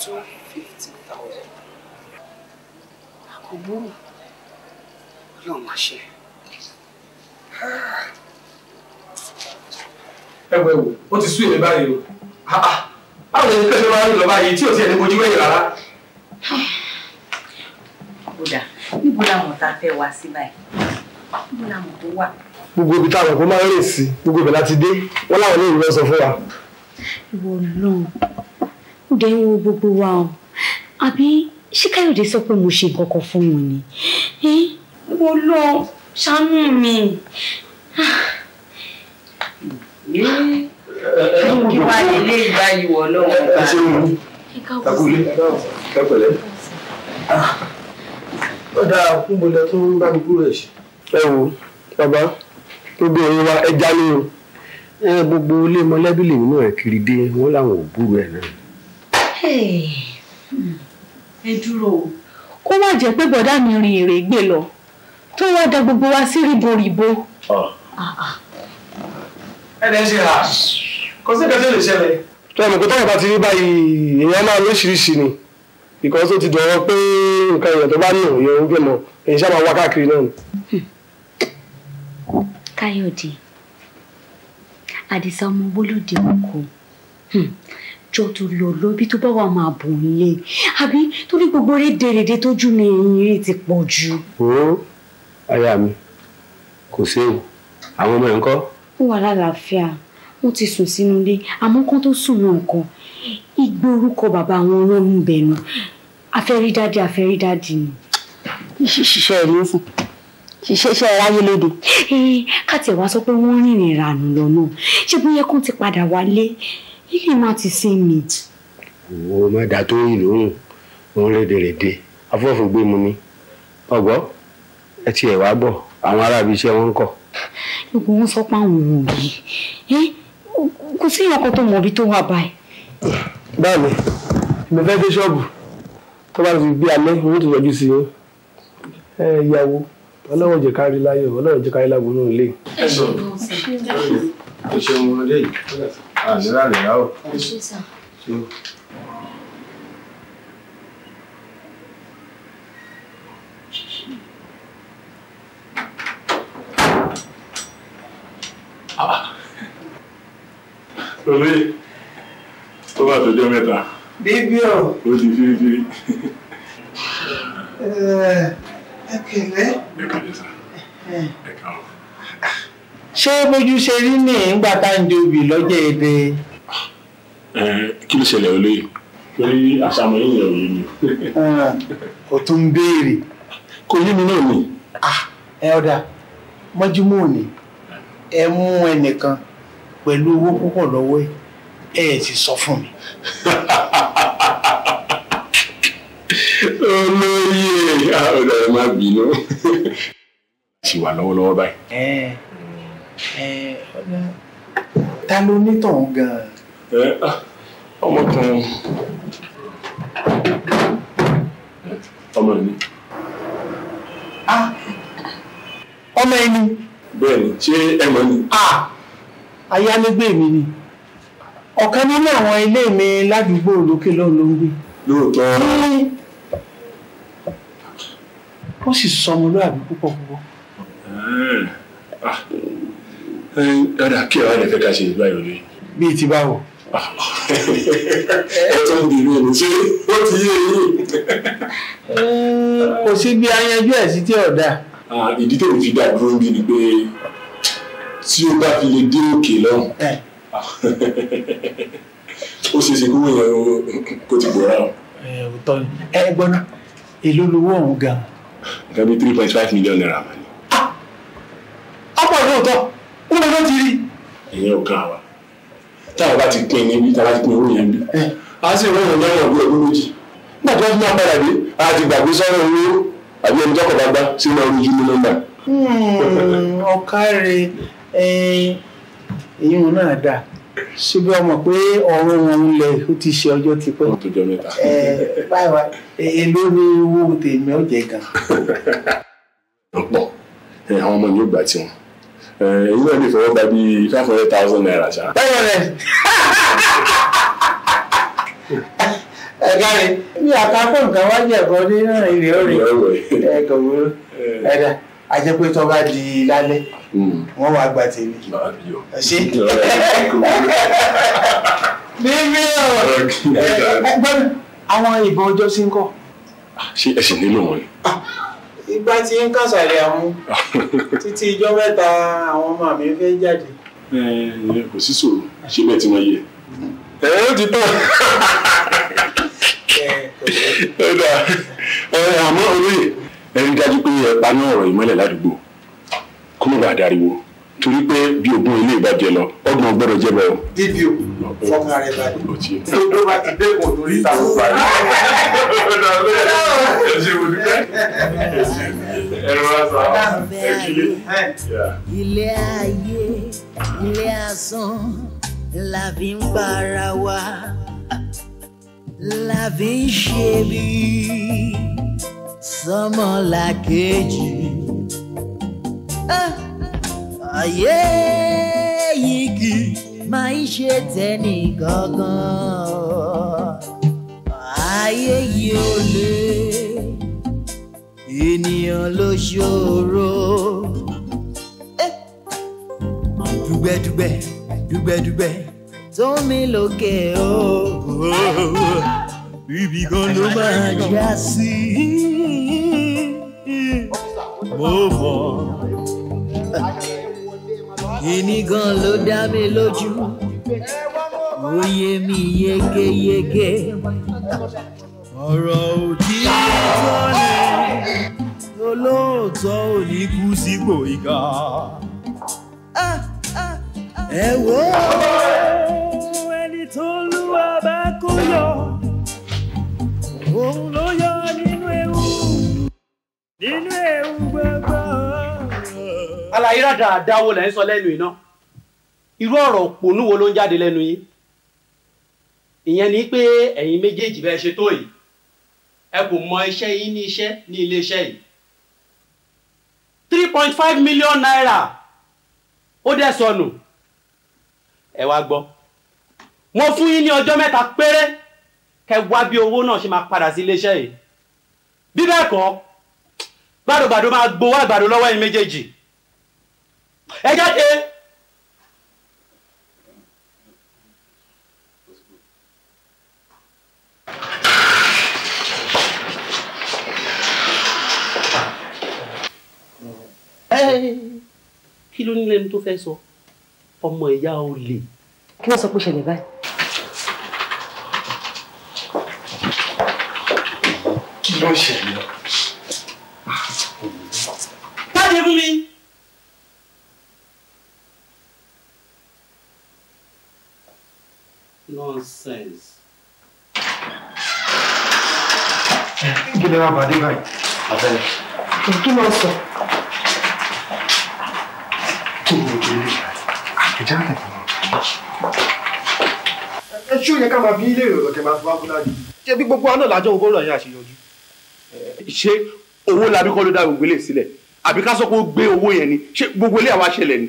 two fifty thousand. àkóbúrú yóò máa ṣe ẹ wẹ wò ó ti sú èmi báyìí o ah, ah, báwo ni pẹ̀lú máa ń lọ báyìí tí ò sí ẹni bojú wẹ̀yìn rárá. kódà níbo làwọn tá a fẹ́ wá sí báyìí níbo làwọn tó wà. gbogbo ibi táwọn kò máa ń rìn sí gbogbo ibẹ̀ láti dé wọn láwọn ní ìwé sọ fún wa. ìwọ Ọlọ́run ó dé ń wo gbogbo wa o àbí ṣé Káyọ̀dé sọ pé mo ṣe nǹkan kan fún wọn ni. ìwọ Ọlọ́run ṣàánú mi. Eh, kí wàá lè lé ìgbàyìí wọ̀ lọ́wọ́ bá a. ẹ pẹ̀lẹ́. ó dáa fún bọ́lá tó ń bá mi kúrò ẹ̀ ṣe. ẹ wo bàbá gbogbo ẹ̀yin wa ẹja ni o gbogbo ilé mọ̀lẹ́bí lèmi náà kiri dé wọn làwọn ò gbúrò ẹ̀ náà. Hmm, ẹ dúró o kó má jẹ́ pé bọ̀dá mi rin èrè gbé lọ tó wá da gbogbo wa sí ríboríbo. Ah. ẹnì ṣe hà kò sí kẹtẹ lè ṣẹlẹ̀. tó ẹnu kó tọ́wọ́ bá ti rí báyìí èèyàn máa lóṣìṣì ni ìkọ́ tó ti dọ̀rọ̀ pé nǹkan èèyàn tó bá ní òye ń gbé mọ́ èyí ṣáà máa wá káàkiri náà ni. káyọ̀dé àdìsá ọmọ wọlódé ọkọ hmm. jọ tó lọ lọ ibi tó bá wà máa bò ń lé àbí torí gbogbo rédèrèdè tójú mi ìrìn ti pọ̀ jù aya mi kò séwu àwọn ọmọ ẹ̀ ń kọ́. ó wà lálàáfíà wọn ti sùn sínú ilé àmọ́ kán tó sùn náà kan igbó orúkọ bàbá wọn lọ́rùn bẹ̀nu afẹ́rídádì afẹ́rídádì ni. ṣiṣẹ́ ẹ̀ ló fún ṣiṣẹ́ iṣẹ́ ráyé lóde. ká tiẹ̀ wá sọ pé wọ́n rìnrìn ìrànù lọ́nà ṣé bóyá kán ti padà wálé ilé máa ti sin mi. òun má dà tó yìí lóhùn òun rédèrèdè afọ́fọ́gbé mu ni ọgbọ́n ẹ ti ẹ̀ wá gbọ́ àwọn aráàbí iṣẹ́ wọn ń kọ̀. gbogbo wọn sọ pé àwọn ò bí kò sí ìyàkọ tó mọ̀ bí tó wà báyìí. báàmì mo fẹ́ dé ṣọ́ọ̀bù tó bá ti bí alẹ́ òun tó yọjú sí yín ẹ ìyàwó ọlọ́wọ́ jẹ́ kárí láyọ̀ ọlọ́wọ́ jẹ́ kárí lágbo nínú ilé. ẹ sọ ẹ ṣeun ọmọdé yìí àníláàlẹ̀ rà ó. Olé, ó bá tọjọ́ mẹ́ta. Bíbí o. Eh, eh, eh. Ṣé bójú ṣe rí ní ìgbà tá à ń di obì lọ́jọ́ èdè? Kí ló ṣẹlẹ̀ olóyè? Torí àṣàmọ̀ yìí ah, yẹ̀ ẹ mú ẹnìkan pẹ̀lú owó púpọ̀ lọ́wọ́ ẹ ẹ sì sọ fún mi. olóyè ọ̀dọ̀ ẹ má bínú. ṣì wà lọ́wọ́lọ́wọ́ báyìí. ẹ ẹ ọ̀dà ta ló ní tọ̀hún gan-an. ẹ ọmọ kan ọmọ mi. ọmọ ẹni bẹ́ẹ̀ni ṣé ẹ mọ̀ ni. ayálégbé mi ni ọ̀kan nínú àwọn ilé mi ládùúgbò lókè lọ́hùn ló ń gbé. lóòótọ́ wọ́n sì sọmọ lóàbí púpọ̀ púpọ̀. Ah, ah. dada kí ẹ wá lè fẹ́ ká ṣe ìgbà ìròyìn. bíi ti báwo. Ah, ẹ tó ń bìrì ẹni ṣé ó ti yé eyín. kò sí bí ayanjú ẹ̀ sí tí ọ̀dà ìdí tó fi dá dúró bí ni pé tí ó bá fi lè dé òkè lọ́hùn ó ṣe ṣe kúrò yẹn kó ti gbòòrà o. òótọ́ ni ẹ gbọ́ná èló lówó ọ̀hún gan. nǹkan bíi three point five million naira mà ní. ọ̀pọ̀ ìlú ọ̀tọ̀ ó lọ́dọ̀ ti rí. ìyẹn ò kan àwa táwọn bá ti pín in níbi táwọn bá ti pín owó yẹn bí. a sì rán ìrànlọ́wọ́ ọ̀gbọ́n ọdún méjì. nígbà tó ń bá padà dé a ti gbàgbé sọ́rọ̀ owó àbí ẹni tọkọ bá gbá sí máa rújú ní nọ́mbà. Hmm, ọ̀kàrẹ̀ èyí wọn náà dáa síbi ọmọ pé ọ̀run wọn ń lẹ ó ti ṣe ọjọ́ ti jọ mẹ́ta. báyọ̀ owó tèmi ó jẹ gan. ọ̀pọ̀ àwọn ọmọ yóò gbà tí wọn èyí náà lè fọwọ́ gba bíi five hundred thousand naira ṣá. báyọ̀ rẹ̀. ẹ̀gáre bí àkàkọ́ nǹkan wá jẹ̀bọ ní ilẹ̀ orí ẹ̀kọ́ wúrú ẹ̀dá àjẹpẹ́ tó bá di lálẹ́ hmm. wọ́n wá gba tèmi ṣé níbí ọ̀gbọ́n àwọn ìbọn ọjọ́ sí ń kọ́. Ah, ṣé ẹ sì nílò wọn ni. Ah, ìgbà tí ń kàṣàlẹ̀ àwọn títí ijọ́ mẹ́ta àwọn ọmọ mi fẹ́ jáde. kò sí sòrò ṣé bẹ́ẹ̀ tí wọ́n yẹ. Hmm. ẹ ó ti tán. ẹ paná ọ̀rọ̀ ìmọ́lẹ̀ ládùúgbò kó má bàa dariwo torí pé bí ogún ilé ìbàjẹ́ lọ ọgbọ̀n gbọ́dọ̀ jẹ́ bẹ́ẹ̀ o. fọkàn rẹ balẹ̀ tó tó bá ti dé kò torí ìta ló parí. ẹ ṣe wò ní bẹ́ẹ̀ ẹ rọ aṣọ ẹ kílé. ilé ayé ilé asán la fi ń para wa la fi ń ṣe bí sọmọlá kejì ayé yìí kì máa ń ṣe tẹ́nì gangan ayé yìí ò lè ènìyàn ló ṣòro dùgbẹ́dùgbẹ́ eh, dùgbẹ́dùgbẹ́ tó mi lókè o. Oh, oh, oh bíbí kan ló máa já sí mo mọ̀ kíní lo da dá mi lójú Oye yé mi yégéyégé ọ̀rọ̀ òdì tọ́lẹ̀ olóòótọ́ ò ní kú sípò ìkà ẹ wo ẹni tó lù wá bá kó yọ. òun ló yọ ewu nínú ewu gbogbo. ala irada iná irú ọ̀rọ̀ wo ló ń jáde lẹ́nu yín ìyẹn ni pé ẹ̀yin méjèèjì bẹ́ẹ̀ ṣe tó yìí ẹ kò mọ ní ní yìí three point five million naira ó de sọnù ẹ wá gbọ́ mo fún yín ní ọjọ́ péré kẹ wá bí owó náà ṣe máa padà sí iléeṣẹ́ yìí bí bẹ́ẹ̀ kọ́ gbàdògbàdò máa gbowó àgbàdo lọ́wọ́ ẹ̀yin méjèèjì ẹ jáde. kí ló nílé mi tó fẹ́ sọ ọmọ ìyá olè. kí ló sọ pé ṣẹlẹ̀ báyìí. ló ń ṣẹlẹ̀ lọ. Táde fún mi. Nonsense. Kí ni wọ́n bá báyìí? Abẹ́rẹ́. Kí ló sọ? Kí ni òjò ilé rẹ̀? Àtẹ̀já rẹ̀ Ẹ ṣó yẹ ká máa bí ilé ìrọ̀lọ́kẹ́ máa fi wá fún láàyè. Ṣé bí gbogbo àná làjọ ògbóró yẹn àṣeyọjú? ṣé owó labí kọ́ ló dá gbogbo ilé sílẹ̀ àbí ká sọ pé ó gbé owó yẹn ni ṣé gbogbo ilé àwa ṣẹlẹ̀ ni.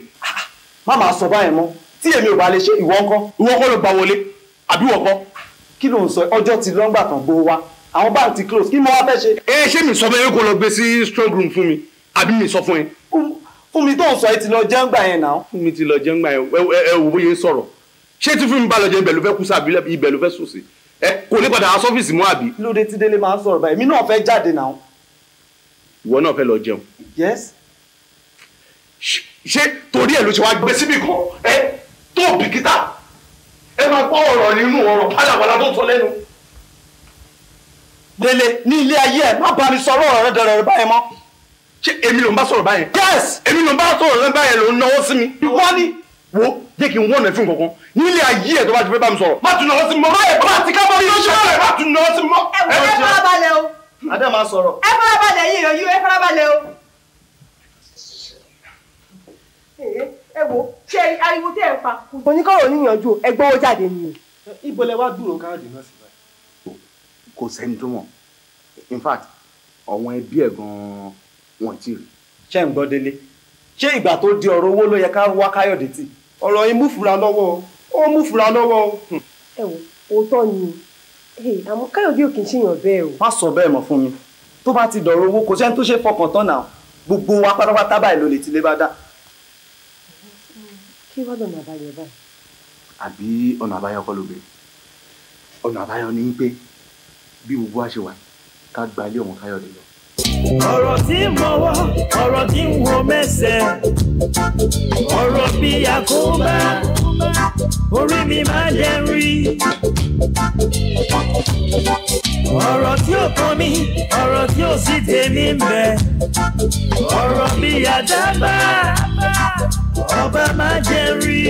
má máa sọ báyìí mọ́ tí èmi ò bá lè ṣe ìwọ ńkọ́. ìwọ ńkọ́ ló bá wọlé àbí wọkọ. kí ló ń sọ ọjọ́ ti lọ́ngbà tán gbó wa àwọn báńkì close kí mo wá fẹ́ ṣe. ẹ ṣé mi sọ bẹ́ẹ̀ kó lọ gbé sí strong room fún mi àbí mi sọ fún ẹ. fún mi tó ń sọ ẹ ti lọ jẹ́ngbà yẹn náà. fún mi ti lọ jẹ́ngbà yẹn ẹ wò bóyá ń sọ̀rọ̀ ṣé tí fún mi bá lọ jẹ́ ibẹ̀ ló fẹ́ kú sí àbí ibẹ̀ ló fẹ́ sùn sí ẹ eh, kò ní padà sọ́fíìsì mọ́ àbí. lóde tí délé máa ń sọ̀rọ̀ báyìí èmi náà fẹ́ jáde náà. ìwọ náà fẹ́ lọ jẹun. yes. ṣé torí ẹ̀ ló ṣe wá gbé síbì kan ẹ tó bìkítà ẹ máa gbọ́ ọ̀rọ̀ nínú ọ̀rọ̀ pálapàla tó sọ lẹ́nu. délé ní ilé ayé ẹ má bá mi sọ̀rọ̀ ọ̀rọ̀ dẹrẹ báyìí mọ́. ṣé èmi ló ń bá sọ̀rọ̀ báyìí. yes èmi ló ń bá sọ̀rọ̀ báyìí ló ń náwó sí mi. ìwọ ni wo jẹ́ kí n wọ́n ẹ̀fín kankan nílé ayé ẹ̀ tó bá ti fẹ́ bá mi sọ̀rọ̀ má tún náà sí mọ́ má yẹ bá ti ká bá mi lọ́sọ̀rọ̀ má tún náà sí mọ́. ẹ fara balẹ̀ o. adé máa sọ̀rọ̀. ẹ fara balẹ̀ yìí yọ̀yú ẹ fara balẹ̀ o. ẹ wo ṣe ariwo tẹ ẹ pa. oníkọ̀rọ̀ níyànjú ẹ gbowó jáde ni. ibo lẹ wá dúró káàdì náà sí báyìí. kò sẹ́ni tó mọ̀ in fact àwọn ẹbí ẹ̀ gan-an wọn ì tí ì rí. ṣé ń gbọ́ délé ṣé ìgbà tó di ọ̀rọ̀ owó ló yẹ ká wá káyọ̀dé tì ọ̀rọ̀ yìí mú fura lọ́wọ́ ó mú fura lọ́wọ́ o. Hmm. ẹ wo òótọ́ ni o àmọ́ káyọ̀dé ò kì í ṣèyàn bẹ́ẹ̀ o. má sọ bẹ́ẹ̀ mọ̀ fún mi tó bá ti dọ̀rọ̀ owó kò sẹ́ni tó ṣe fọkàn tán náà gbogbo wa pátápátá báyìí ló lè ti lé bá dá. kí wàá lọ́nà àbáyọ báyìí. àbí ọ̀nà àbáyọ kọ́ ló bẹ̀rẹ̀ ọ̀nà àbáyọ ni pé bí gbogbo wa ṣe wà ká gbalé ọ̀hún ọ̀rọ̀ tí ń mọwọ́ ọ̀rọ̀ tí ń wo mẹ́sẹ̀ ọ̀rọ̀ bí àkóbá orí mi máa jẹ́ rí. ọ̀rọ̀ tí ó kan mi ọ̀rọ̀ tí ó sì tèmi ń bẹ ọ̀rọ̀ bí àdábà ọba máa jẹ́ rí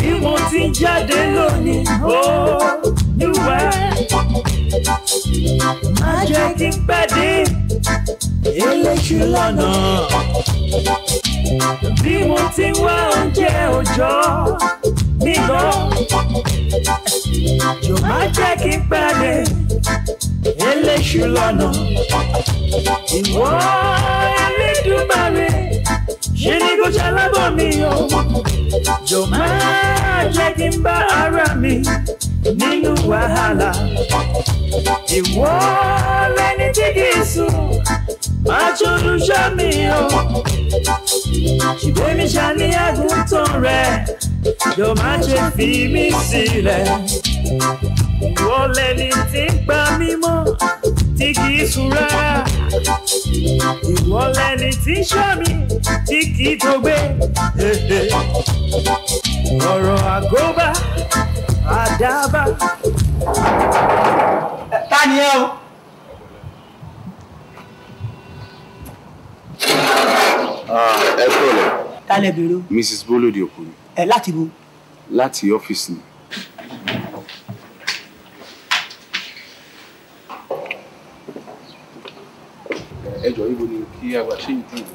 bí mo ti jáde lónìí Olúwa má jẹ́ kí n pàdé eléṣu lọ́nà bí mo ti wá oúnjẹ òòjọ́ nígbà jò má jẹ́ kí n pàdé eléṣu lọ́nà ìwọ Ẹlẹ́dùmarè ṣe ni kò ṣalábọ̀ mi o jò máa jẹ́ kí n bá ara mi nínú wàhálà ìwọ lẹni tí kì í sùn máa tójú ṣọ́ mi o ṣùgbọ́n mi ṣá ní àgùntàn tí kì í sunra ìwọ lẹni tí ṣọ́ mi tí kì í dògbé ọ̀rọ̀ àgóbá àdábà. ta ni ẹ o. ẹ kúrò lẹ. ta lẹ bèrè o. mrs bolodi okun. ẹ láti bo. láti ọ́fíìsì ni. e Aguatim, tudo.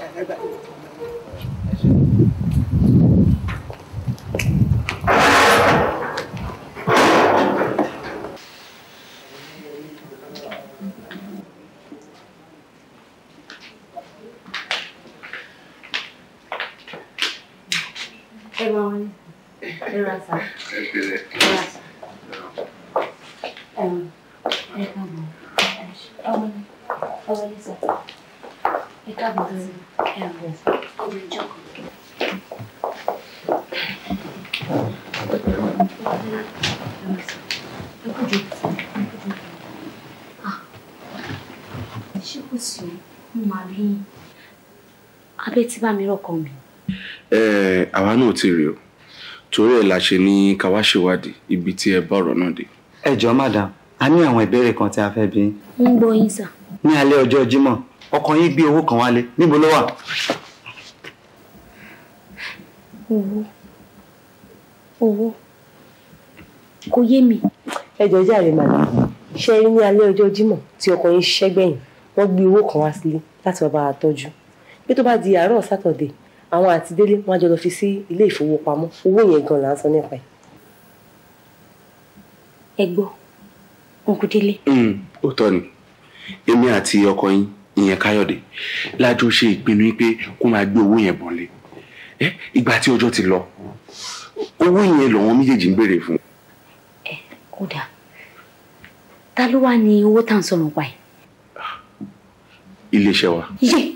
É, é, é, ti bá mi rọ́kọ mi. ẹ àwa náà ti rí o torí ẹ̀ la ṣe ní ká ibi tí ẹ bá ọ̀rọ̀ náà dé. ẹ jọ madam a ní àwọn ìbéèrè kan tí a fẹ́ bí. ń gbọ́ yín sà. ní alẹ́ ọjọ́ Jímọ̀ ọkọ yín gbé owó kan wálé níbo ló wà. owó owó kò yé mi. ẹ jọ jàre madam ṣe ní alẹ́ ọjọ́ Jímọ̀ tí ọkọ yín ṣiṣẹ́ wọ́n gbé owó kan wá sílé láti bá a tọ́jú pé tó bá di àárọ̀ sátọ̀dẹ̀ àwọn àti délé wọn á jọ lọ fi sí ilé ìfowópamọ́ owó yẹn gan là ń sọ nípa ẹ̀. ẹ gbọ́ nkú délé. Hmm, ó tọ́ ni èmi àti ọkọ yín ìyẹn káyọ̀dé lájọ ṣe ìpinnu pé kó máa gbé owó yẹn bọ̀lẹ̀ ẹ ìgbà tí ọjọ́ ti lọ owó yẹn lọ́wọ́n méjèèjì ń béèrè fún. ẹ kódà ta ló wá ní owó tá à ń sọ̀rọ̀ pa ẹ̀. Ah, iléeṣẹ́ wa. yé. Yeah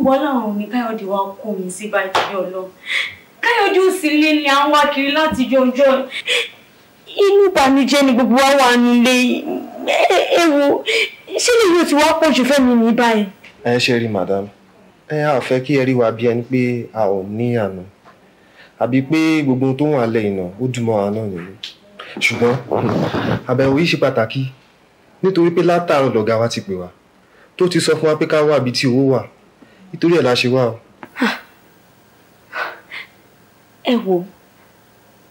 níbo làwọn ní káyọ̀dé wa kó mi sí báyìí ọlọ́ káyọ̀dé ò sí ilé ni à ń wá kiri láti jọjọ́ inú ìbànújẹ́ ni gbogbo wa wà nílé ewu ṣé lè yóò ti wá pọ̀ jù fẹ́mi ní báyìí. ẹ ṣe rí madam ẹ á fẹ́ kí ẹ rí wa bí ẹni pé a ò ní àná àbí pé gbogbo tó wà lẹ́yìn náà ó dùn mọ́ wa náà nìyẹn ṣùgbọ́n àbẹ̀wò yìí ṣe pàtàkì nítorí pé látàárọ̀ lọ̀gá wa ti pè wá tó ti sọ fún wa pé ká wá ibi tí owó wà nítorí ẹ̀ la ṣe wá o. ẹ wo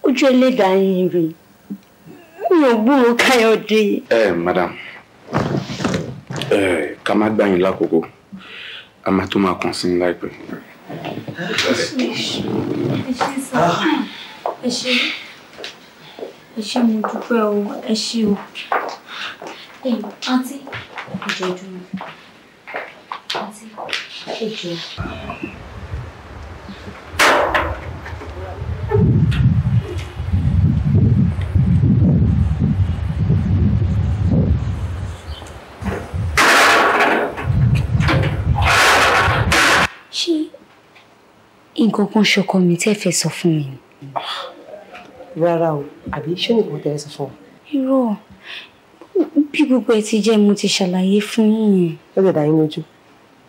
ojú ẹlẹ́dàá yín rí mi ò gbúrò káyọ̀dé. ẹ madam ẹ ká má gbà yín lákòókò a máa tó máa kàn sí yín láìpẹ́. ẹ ṣe sá ah. ẹ mo dúpẹ́ o ẹ ṣe o àǹtí ìjọ́jú mi àǹtí ẹ jọ. ṣé nǹkan kan ṣọkọ mi tẹ́ fẹ́ sọ fún mi. rárá o àbí ṣé nìkan tẹ́ fẹ́ sọ fún ọ. irọ́ bí gbogbo ẹ ti jẹ́ mo ti ṣàlàyé fún yín. ó lè dá yín lójú.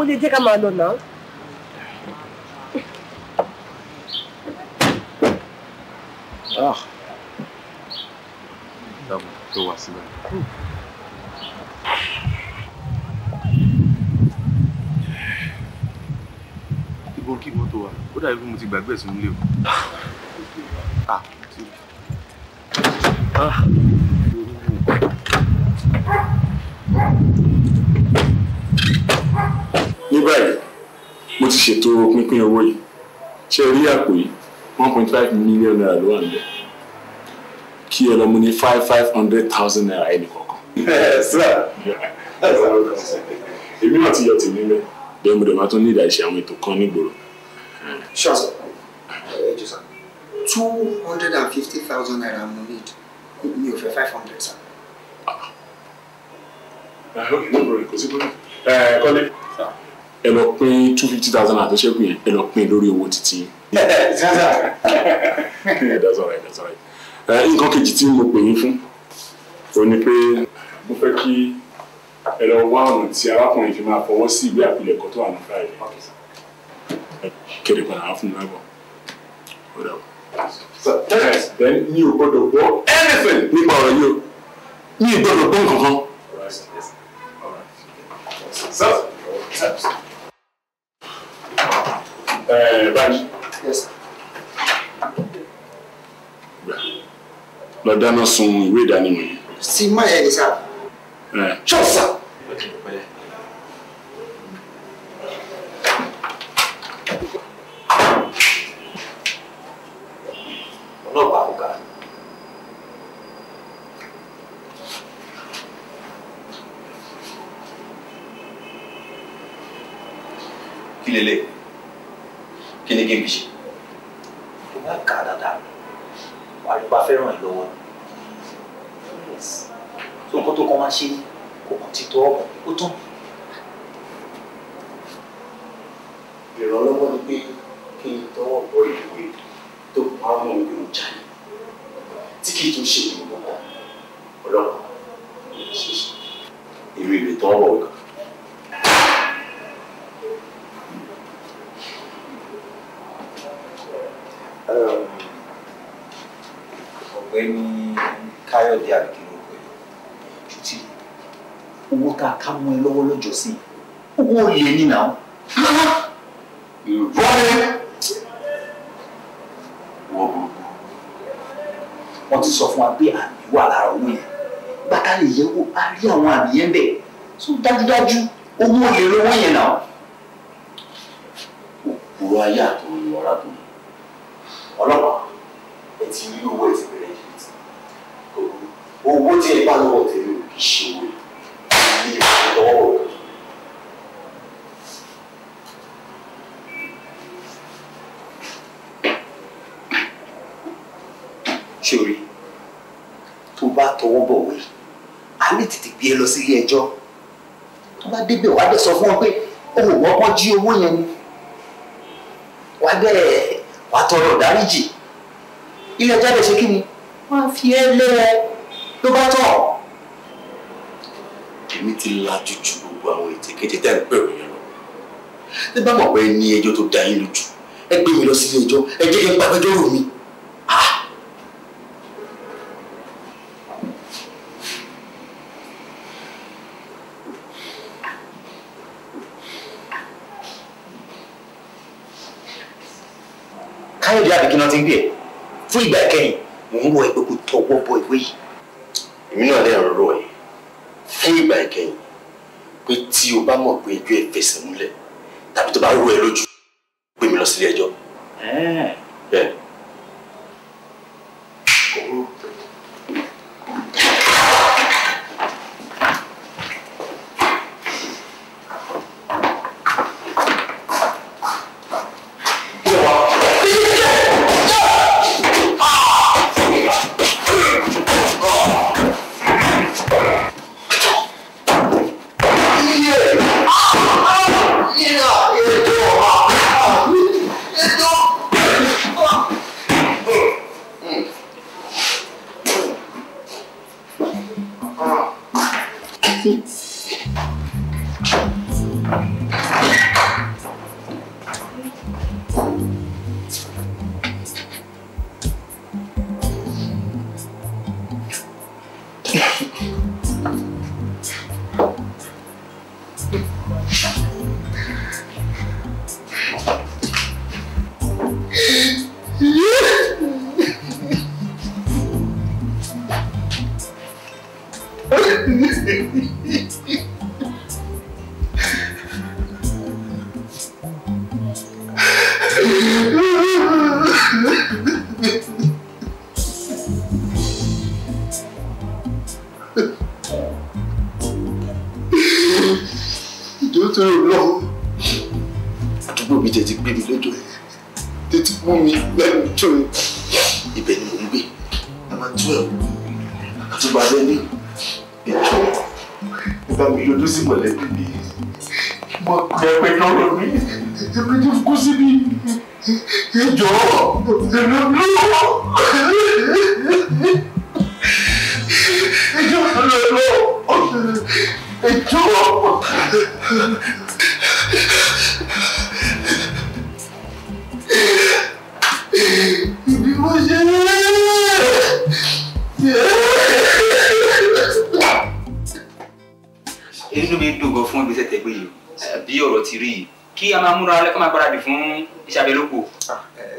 wọlé jẹ́ ká máa lọ náà. dáàbò tó wà síbẹ̀. ibo kí mọ́tò wà ó dàbí pé mo ti gbàgbé ẹ̀sùn nílé o. Ah. ní báyìí mo ti ṣètò pínpín owó yìí ṣe rí àpò yìí one point five million naira ló wà níbẹ̀ kí ẹ lọ ní five five hundred thousand naira ẹnì kọ̀ọ̀kan. èmi náà ti yọ tèmi mẹ́ bẹ́ẹ̀ mo dẹ̀ máa tún ní ìdá ìṣe àwọn ètò kan nígboro. ṣọ́ọ̀ṣì two hundred and fifty thousand naira mo need mi ò fẹ́ five hundred sá. Ah, ah, ok no problem kò sí problem. Eh, kọ́lé ẹ lọ pín two fifty thousand naira tó ṣẹ́kù yẹn ẹ lọ pín lórí owó títí. that's all right that's all right. nǹkan kejì tí mo pè yín fún o ní pé mo fẹ́ kí ẹ lọ wá ọ̀nà tí arákùnrin fi máa fọwọ́ sí ìwé àpilẹ̀kọ tó wà ní friday. kéde padà wá fún mi lábọ̀ ó dà o. then mi ò gbọ́ anything nípa ọ̀rọ̀ yìí o mi ò gbọdọ̀ gbọ́ nǹkan kan. Sir. Banji. Eh, yes. Lọ dáná sun ìwé ìdánimọ̀ yẹn. Sì má yẹn ni sá. Ṣọ́ eh. Kí lélẹ̀? kí ni kí n fi ṣe. ìgbà ká dáadáa wà ló bá fẹ́ràn ẹ̀ lọ́wọ́ tó nǹkan tó kọ́ máa ṣe kò kàn ti tọ́ ọ̀bùn ó tán. ìrànlọ́wọ́ ni pé kí n tọwọ́ bọ̀ ìwé tó pa ọmọ mi ò jáde tí kì í tún ṣe ìwé lọ́wọ́ ọlọ́pàá ìrìn ìrètò ọ̀rọ̀ ọ̀gá. ká mú ẹ lọ́wọ́ lọ́jọ́ sí i owó olè ní nà ó. ìrọ̀lẹ́ wọ gbogbo wọ́n ti sọ fún wa pé àmì wà lára owó yẹn bàtà lè yẹ wo a rí àwọn àmì yẹn bẹ́ẹ̀ so dájúdájú owó olè lọ́wọ́ yẹn nà òkúrò ayé àtòrò ọ̀rá tó ọlọ́pàá ẹ ti rí owó ẹ ti bẹ̀rẹ̀ yìí owó tí ẹ bá lọ́wọ́ tẹ̀lé ò kì í ṣe owó tọwọ́ bọ̀wé a lè tètè gbé ẹ e lọ sí ilé ẹjọ́ tó bá débẹ̀ wàá dẹ̀ sọ fún wọn pé òun wọ́pọ̀ jí owó yẹn ni wàá dẹ̀ wàá tọrọ ìdáríjì ilé ẹjọ́ dẹ̀ ṣe kí ni wọ́n á fi ẹ́ lé ẹ ló bá tọ̀. èmi ti lajú ju gbogbo àwọn ètè kéde tẹ́ ń pèrò yẹn lọ ní bá mọ̀ pé ní ẹjọ́ tó dá yín lójú ẹ gbé mi lọ sí ẹjọ́ ẹ jẹ́ kí n pàgbẹ́jọ́ rò náà ti ń pè é fún ìgbà kẹ́yìn mò ń wọ ẹgbẹ́ kó tọwọ́ bọ ìwé yìí. èmi náà lè rọrọ ẹ fún ìgbà kẹ́yìn pé tí o bá mọ̀ pé ẹjọ́ ẹ fẹsẹ̀ múlẹ̀ tàbí tó bá rú ẹ lójú gbé mi lọ sílé ẹjọ́. bẹ́ẹ̀ Sim.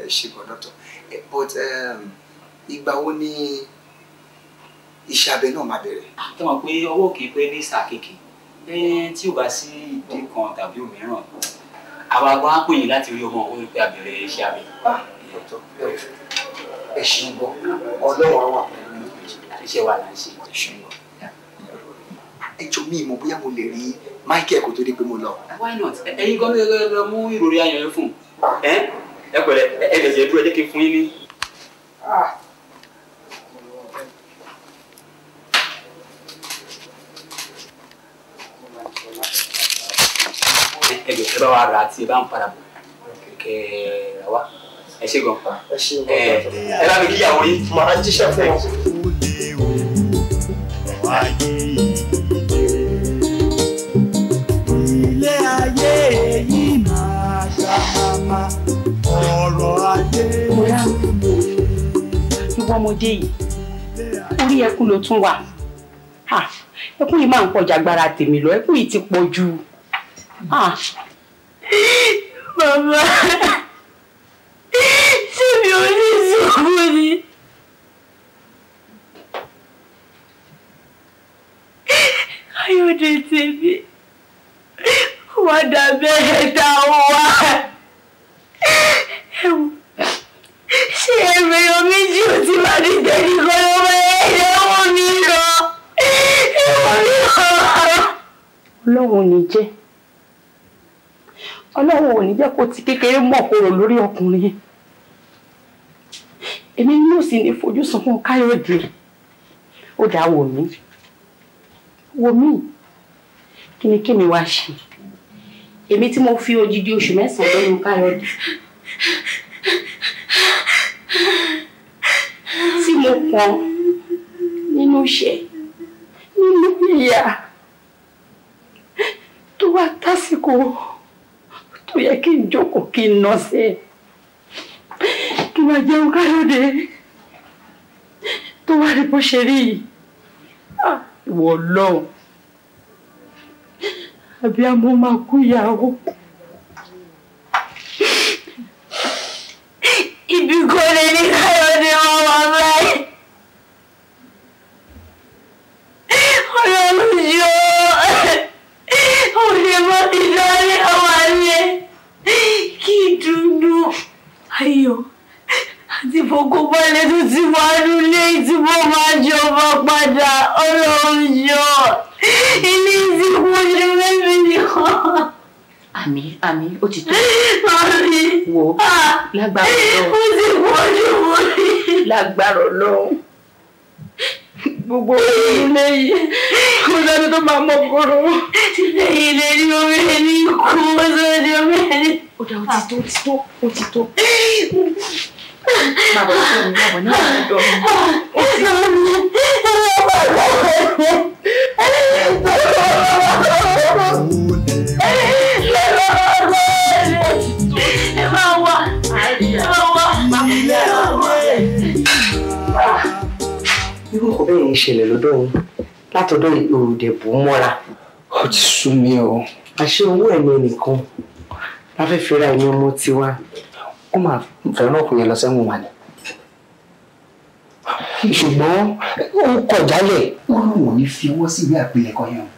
ẹ ṣe conductor eh, but um, ìgbà wo ni iṣẹ́ abẹ náà máa bẹ̀rẹ̀. tó ah, mọ̀ pé ọwọ́ kì í pẹ́ ní sáà kéèké eh, tí ò bá sí ìdí kan tàbí òmíràn àwa gan pè yín láti rí ọmọ òun pé àbẹ̀rẹ̀ iṣẹ́ abẹ. Ah, ẹ ṣeun bọ ọlọ́wọ́ wà pẹ̀lú iṣẹ́ wa là ń ṣe. ṣeun bọ ẹ jọ mí mo bóyá mo lè rí Michael kó tó dé pé mo lọ. why not ẹ̀yin gan ló lọ mú ìròrí ayọ̀ yẹn fún un. Eh? ẹ pẹ̀lẹ́ ẹ lè jẹ dúró ẹ jẹ́ kí n fún yín ní. Ah. ẹgbẹ́ ẹ bá wa rà á ẹ bá ń padà bọ̀ kẹ̀kẹ́ rà wá ẹ ṣe gan. ẹ ẹ bá mi kí ìyàwó yín. màá jíṣẹ́ fún ọ. ilé ayé yìí máa ṣàmàmà ọ̀rọ̀ ajé. bóyá ìwọ ọmọdé yìí orí ẹkún ló tún wà ẹkún yìí máa ń pọ̀jà agbára tèmi lọ ẹkún yìí ti pọ̀ jù. bàbá ṣé mi ò ní sùúrù ni. ayọ̀dé tèmi wọ́n dà bẹ́ẹ̀ dá wa ẹ̀wù ṣé ẹ̀rọ èèyàn méjì ò ti máa di ìdẹ́ni kan lọ́wọ́ ẹ̀yẹ ẹ̀wọ̀n mi lọ ẹ̀wọ̀n mi lọ. ọlọ́run ò ní jẹ́ ọlọ́run ò ní jẹ́ kó ti kékeré mọ̀ kúrò lórí ọkùnrin yẹn ni, ní òsì ní fojú sunkún káyọ̀dé ó dáa wò mí wò mí kí ni kí mi wá ṣe èmi tí mo fi odidi oṣù mẹ́sàn-án lóyún káyọ̀dé tí mo kàn nínú iṣẹ́ nínú ìyà tó wá tásìkò tó yẹ kí n jókòó kí n nọ́sẹ̀ kí n máa jẹun káyọ̀dé tó wá rí bó ṣe rí ìwọ ọlọ́run àbí àmọ́ máa kú ìyàwó. lágbára Ọlọ́run. mo ti wọlé wọlé. lágbára Ọlọ́run gbogbo ilé yìí kò sẹ́ni tó máa mọ kóró. ilé ilé ni omi ẹni kú sọ́dọ̀ ni omi ẹni. ó dà ó ti tó ó ti tó ó ti tó. bàbá tó ń bọ̀ náà ló dọ̀ mí. ó ti tó. nǹkan bẹ́ẹ̀ ń ṣẹlẹ̀ lọ́dọ̀ yín látọ̀dọ̀ òdèbò mọ́ra. ó ti sú mi o. àṣé owó ẹ̀mí nìkan la fẹ́ fi ra ẹ̀mí ọmọ tiwa ó máa fẹ́ràn ọkùnrin lọ sẹ́wọ̀n wà ní. ṣùgbọ́n ó kọ̀ jálẹ̀ ó rò wọ́n ní fi ọwọ́ sí ìwé àpilẹ̀kọ yẹn o.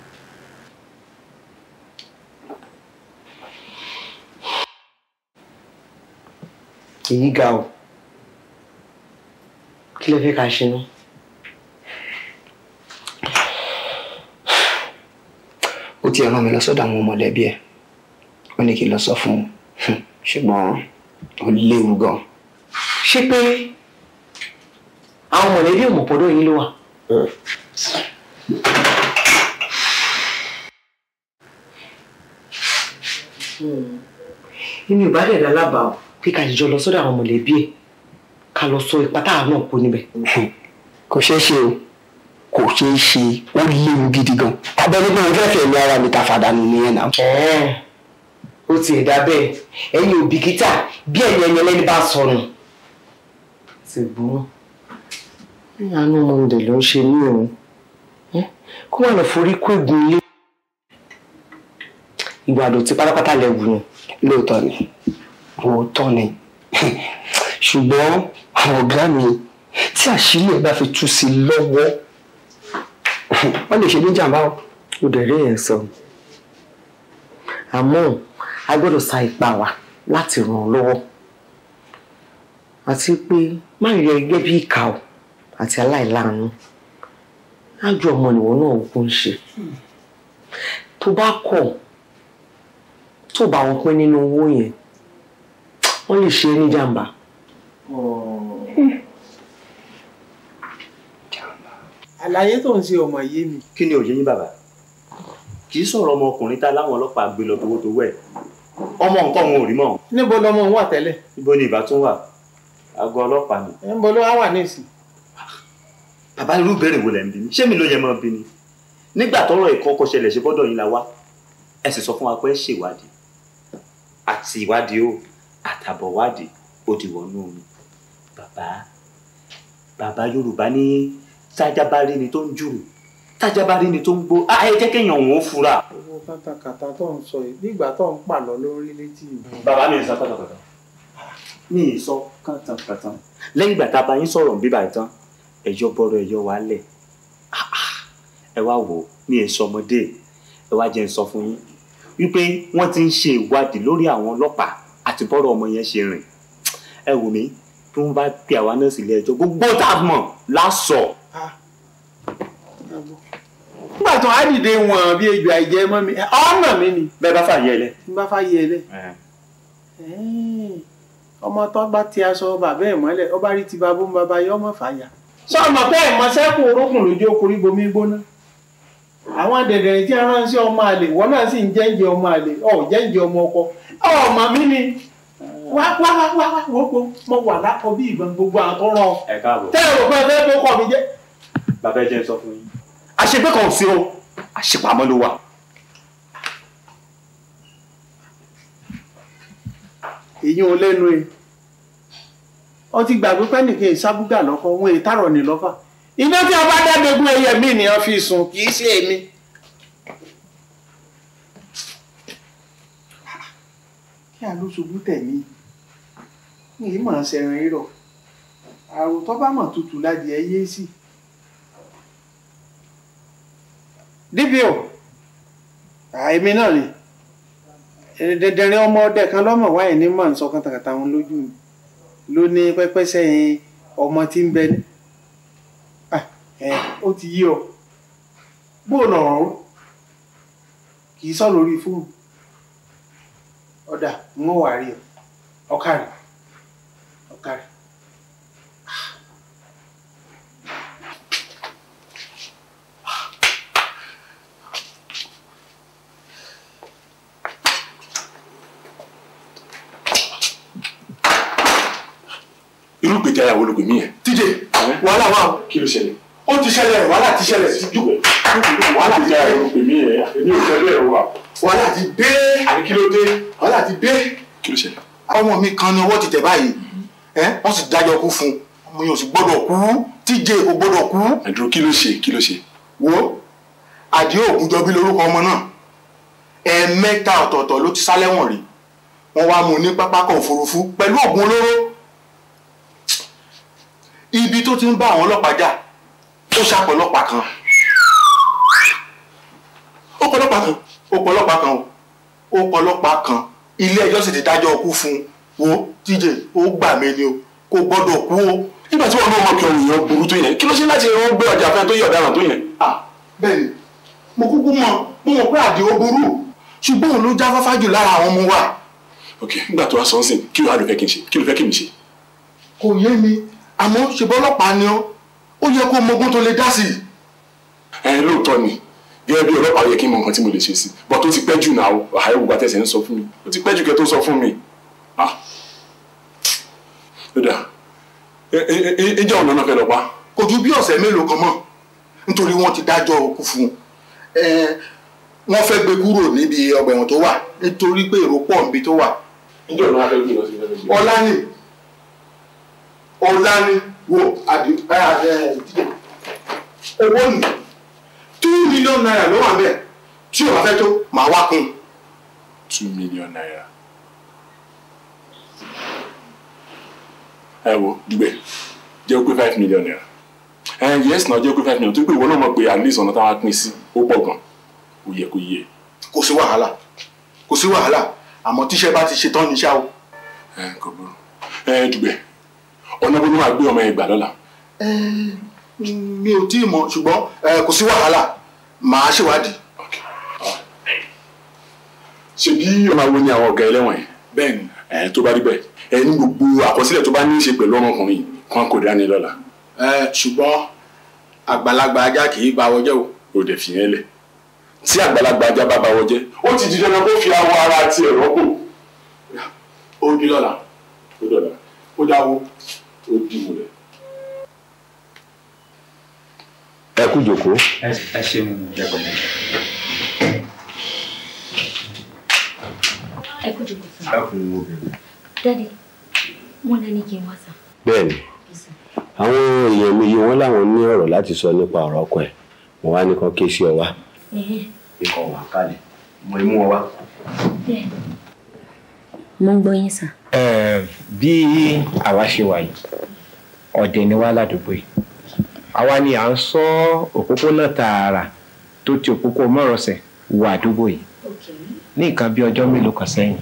èyí ga o kí ló fẹ́ ká ṣe náà. ó ti rán mi lọ sọ́dọ̀ àwọn mọ̀lẹ́bí ẹ̀ ó ní kí n lọ sọ fún un ṣùgbọ́n ó léwu gan. ṣé pé àwọn mọ̀lẹ́bí òmùpọ̀dọ̀ yìí ló wà. inú ìbálẹ̀ dá lábàá pé ká jọ lọ sọ́dọ̀ àwọn mọ̀lẹ́bí ẹ̀ ká lọ sọ ipa táwọn náà kó níbẹ̀. kò ṣeé ṣe o kò ṣeé ṣe ó léwu gidi gan. abẹnugan fẹ́fẹ́ mi ara mi ta fàdánù nìyẹn náà. ó tiẹ̀ dá bẹ́ẹ̀ ẹ̀yin òbíkítà bí ẹ̀yin ẹni ẹlẹ́ni bá sọnù. ṣùgbọ́n ní àánú monde ló ń ṣe mí o kó má lọ forí kó egun ilé. ìwà àdòtí pátápátá lẹ́wù ni lóòótọ́ ni òótọ́ ni ṣùgbọ́n àwọn ọ̀gá mi tí àṣírí ẹ̀ bá fi tú sí lọ́wọ́ wọ́n lè ṣe ní jàmbá o. o dẹ̀rẹ́ yẹn sọ àmọ́ a gbọ́dọ̀ sa ipá wa láti ràn ọ́ lọ́wọ́ àti pé má rí ẹ gẹ́gẹ́ bí o àti aláìláàánú ájú ọmọ nìwọ náà òkú ń ṣe tó bá kọ̀ tó bá wọn pín nínú owó yẹn wọ́n lè ṣe é ní jàǹbá. ọ̀ọ́ àlàyé tó ń ṣe ọmọ yé mi. kí ni òye yín bàbá kì í sọ̀rọ̀ ọmọkùnrin tá láwọn ọlọ́pàá gbé lọ towótowó ẹ̀ ọmọ nǹkan òun ò rí mọ́. níbo lọmọ wà tẹ́lẹ̀. níbo ni ìbá tún wà àgọ́ ọlọ́pàá ni. ẹ ń bọ ló wá wà ní ìsìn. bàbá irú ìbéèrè wo lẹ̀ ń bi mí ṣé mi ló yẹ mọ́ bi ni nígbà tọ́rọ̀ ìkọ́kọ́ ṣẹlẹ̀ ṣe bọ́dọ̀ yín la wá ẹ sì sọ fún wa pé ẹ ṣèwádìí àti ìwádìí o àtàbọ̀wádìí ó ti wọnú omi bàbá bàbá Yorùbá ní tajabare ni tó ń jù tajabare ni tó ń gbó ayé ah, jẹ́ kéèyàn òun ó fura. owó kátàkátà tó ń sọ yìí nígbà tó ń pàlọ́ lórí létí mi. bàbá mi ń sọ kátàkátà. mi ì sọ kátàkátà lẹ́yìn ìgbà tá a bá yín sọ̀rọ̀ bíbà ìtàn ẹ̀yọ́ bọ́rọ̀ ẹ̀yọ́ wa lẹ̀ ah, ah. ẹ wá wò mi ì sọmọdé ẹ wá jẹ́ ń sọ fún yín wípé wọ́n ti ń ṣe ìwádìí lórí àwọn ọlọ́pàá àti bọ́rọ̀ ọmọ nígbà tí bí ejò àìjẹ mi ọ̀nà mi ni. bẹ́ẹ̀ bá fàyè lẹ. bá fàyè lẹ. ọmọ ti aṣọ bàbá ẹ̀ ọba rí ti babó ń bàbá yọ ọmọ fàyà. pé orókùn lójú okùnrin bomi àwọn dẹ̀dẹ̀rẹ̀ tí a ránṣẹ́ ọmọ àlè wọ́n náà sì ń jẹ́ǹjẹ́ ọmọ àlè ọ̀ jẹ́ǹjẹ́ ọmọ ọkọ ọmọ mi ni wá wá wá wá wọ́pọ̀ mo wà bí ìbọn gbogbo àtọ́rọ̀ mi bàbá ẹ jẹ́ ń sọ fún yín. àṣepé kan ò sí o àṣepamọ́ ló wà. èyí ò lẹ́nu ẹ̀ ọ ti gbàgbé pé nìkan ìsábúgà lọ́kọ́ òun èyí tààrọ̀ ní lọ́fà iná tí a bá dẹ́gbẹ̀gún ẹyẹ mi nìyẹn fi sùn kì í ṣe èmi. kí a ló ṣubú tẹ̀mí ní ìmọ̀ ṣẹ̀rìn rírọ̀ àròtọ́ bá mọ̀ tutù láti ẹ yé sí i. DPO àìmí náà ni dandanrin ọmọ ọdẹ kan lọ́mọ wáyé ní mọ̀ nsọ kàtàkàtà wọn lójú mi ló ní pẹ́pẹ́ sẹ́yìn ọmọ tí ń bẹ ní. ó ti yí ọ bóònà ọ̀rọ̀ kì í sọ lórí fóònù ọ̀dà ń wà rí ọ ọ̀kàrí. irú gbèjà ìyàwó lóògùn mí yẹn. tíjẹ wàhálà wà kí ló ṣẹlẹ̀. ó ti ṣẹlẹ̀ wàhálà ti ṣẹlẹ̀ sí jù wàhálà ti ṣẹlẹ̀ lóògùn mí yẹn èmi ò fẹ́ bẹ́ẹ̀ wà. wàhálà ti dé àbí kí ló dé wàhálà ti dé. kí ló ṣẹlẹ̀. ọmọ mi kan ni ọwọ́ ti tẹ̀ báyìí mm-hmm. wọ́n sì dájọ́ kú fún un mi ò sì gbọ́dọ̀ kú tíjẹ kò gbọ́dọ̀ kú. ẹ̀dùn kí ló ṣe kí ló ṣe. wo ibi tó ti ń bá àwọn ọlọ́pàá jà ó ṣàpọ̀lọpàá kan ó pọlọ́pàá kan ó pọlọ́pàá kan ó pọlọ́pàá kan ilé ẹjọ́ sì ti dájọ́ ọkú fún wo tíjẹ ó gbà mí ni o kò gbọ́dọ̀ kú o. nígbà tí wọn náà mọ kí ọrùn yẹn burú tó yẹn kí ló ṣe láti ẹ̀rọ gbé ọjà fẹ́ tó yẹ ọ̀daràn tó yẹn. bẹ́ẹ̀ni mo kúkú mọ mo mọ pé àdìo burú ṣùgbọ́n òun ló já fáfá jù lára àwọn ọmọ wa. ok nígbà tó wá sọ ọ́n sìn kí ló wá ló fẹ́ kí n ṣe kí ló fẹ́ kí n ṣe. kò yé mi àmọ́ ṣèbọ́ ọlọ́pàá ni ó ó yẹ kó mọgún tó lè dá sí i. ẹ lóòótọ́ ni gẹ́gẹ́ bí ọlọ́pàá yẹ kí n mọ nǹkan tí mo lè ṣe sí bọ́ tó ti pẹ́ jù náà àyè wò gbàtẹ́sẹ̀ ń sọ fún mi ó ti pẹ́ jù kẹ́ tó sọ fún mi. lódà ah. ìjọ ọ̀nà náà fẹ́ lọ pa. kò ju bí ọ̀sẹ̀ mélòó kan mọ́ nítorí wọ́n ti dájọ́ òkú fún un wọ́n fẹ́ gbé kúrò níbi ọgbà ẹ̀wọ̀n tó wà nítorí pé èrò pọ̀ níbi tó wà. ìjọ ni ọ̀la ni wo àdìdìdì owó nì two million naira ló wà ń bẹ̀ tí o bá fẹ́ tó màá wá kún. two million naira. ẹ wo dùgbẹ́ jẹ́ pé five million naira ẹ yẹ́sì náà jẹ́ pé five million tó pé ìwọ náà mọ̀ pé at least ọ̀nà táwọn á pín sí ó pọ̀ gan ó yẹ kó yẹ. kò sí wàhálà kò sí wàhálà àmọ́ tíṣẹ́ bá ti ṣe tán níṣà o. ẹ kò burú ẹ dùgbẹ́ ọ̀nà bó ló máa gbé ọmọ yẹn gbà lọ́la. mi ò tí ì mọ̀ ṣùgbọ́n kò sí wàhálà màá ṣèwádìí. ṣèbí ọmọ awo ni àwọn ọ̀gá ẹlẹ́wọ̀n yẹn. bẹ́ẹ̀ni ẹ tó bá rí bẹ́ẹ̀ ẹ ní gbogbo àkọsílẹ̀ tó bá ní í ṣe pẹ̀lú ọmọkùnrin kan kò dání lọ́la. ṣùgbọ́n àgbàlagbà ajá kì í bá wọjẹ́ o. o dẹ̀ fi yẹn lẹ̀ tí àgbàlagbà ajá bá bá wọjẹ́ ó ti di dandan kó fi awọ ara tiẹ̀ rọ́pò. ó di lọ́la. ó dọ̀la. ó dáwó ó dì múlẹ̀. ẹ kú jòkóó. ẹ ṣeun jẹkọọ. ẹ kú jòkóó sá. ẹ kú obìnrin. dádì wọn lẹni kí n wá sá. bẹ́ẹ̀ni àwọn èèyàn mi yìí wọn làwọn ní ọ̀rọ̀ láti sọ nípa ọ̀rọ̀ ọkọ ẹ mo wá ní kán ké sí ọ wá. ikọ̀ wà kálẹ̀ mo imú ọ wá. bẹ́ẹ̀ni mo ń gbọ́ yín sàn. bí àwa ṣe wà yìí ọ̀dẹ ni wá ládùúgbò yìí àwa ni à ń ṣọ́ òpópónà tààrà tó ti òpópó mọ́rọ̀sẹ̀ wọ àdúgbò yìí ní nǹkan bí ọjọ́ mélòó kan sẹ́yìn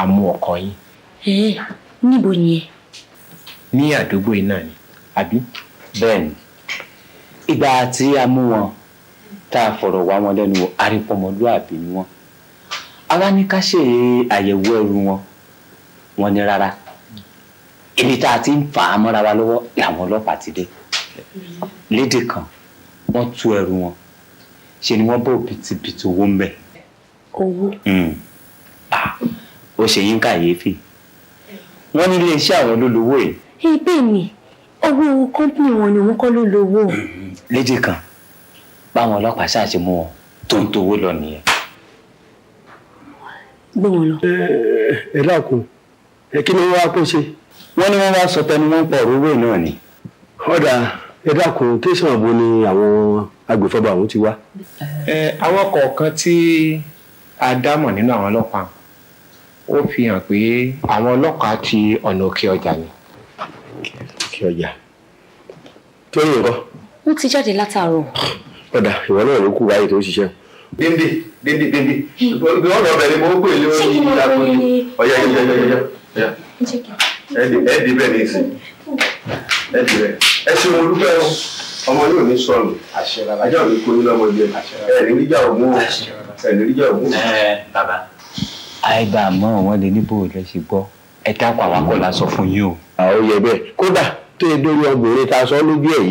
àmú ọkọ yín. ẹ níbo ni ẹ. ní àdúgbò yìí náà ni àbí. bẹ́ẹ̀ ni ìgbà tí a mú wọn tá a fọ̀rọ̀ wá wọn lẹ́nu wò arípọ̀mọlúàbí ni wọ́n àwa ní ká ṣe àyẹ̀wò ẹrù wọn wọn ní rárá ibi tá a ti ń fà á mọ́ra wa lọ́wọ́ làwọn ọlọ́pàá ti dé lédè kan wọ́n tú ẹrù wọn ṣe ni wọ́n bá òbítíbitì owó ń bẹ̀. owó. Hmm. ó ṣe yín kàyéfì wọ́n ní iléeṣẹ́ àwọn olólùwò yìí. ibẹ̀ ni owó kọ́ńpìnì wọn ni wọ́n kọ́ ló lówó. lédè kan báwọn ọlọ́pàá ṣáà ṣe mú wọn tó ń towó lọ nìyẹn gbé wọn lọ. ẹ dákun ẹ kí ni wọn wá kó ṣe. wọn ní wọn wá sọ tẹnu wọn pọ òróró náà ni. ọ̀dà ẹ dákun tẹ̀sán àbò ni àwọn agbèfọ́ba àwọn ti wá. ẹ àwọn kọ̀ọ̀kan tí a dámọ̀ nínú àwọn ọlọ́pàá ó fi hàn pé àwọn ọlọ́pàá ti ọ̀nà òkè ọjà ni. òkè ọjà tó yìnbọn. ó ti jáde látàárọ̀. ọ̀dà ìwọ náà ló kú wáyé tó ṣiṣẹ́. bíndé dende dende ibi ọ̀rọ̀ ọbẹ ni mo ń pè lé orí ìdàgbò ni ọyá yẹ yẹ yẹ yẹ ẹdì ẹdì bẹ́ẹ̀ ní ìsìn ẹdì rẹ ẹ ṣe mo dúpẹ́ o ọmọ yóò ní sọnù ajá ò ní kó nínú ọmọ yẹn ẹ ní ríjà òmù o ẹ ní ríjà òmù o. bàbá àìbá àmọ́ wọn lè níbo rẹ ṣe gbọ́ ẹ dákọ àwọn akọ́lá sọ fún yín o. àwọn yẹ bẹ́ẹ̀ kódà tó yẹ dórí ọgbọ̀nrin ta sọ lójú ẹ̀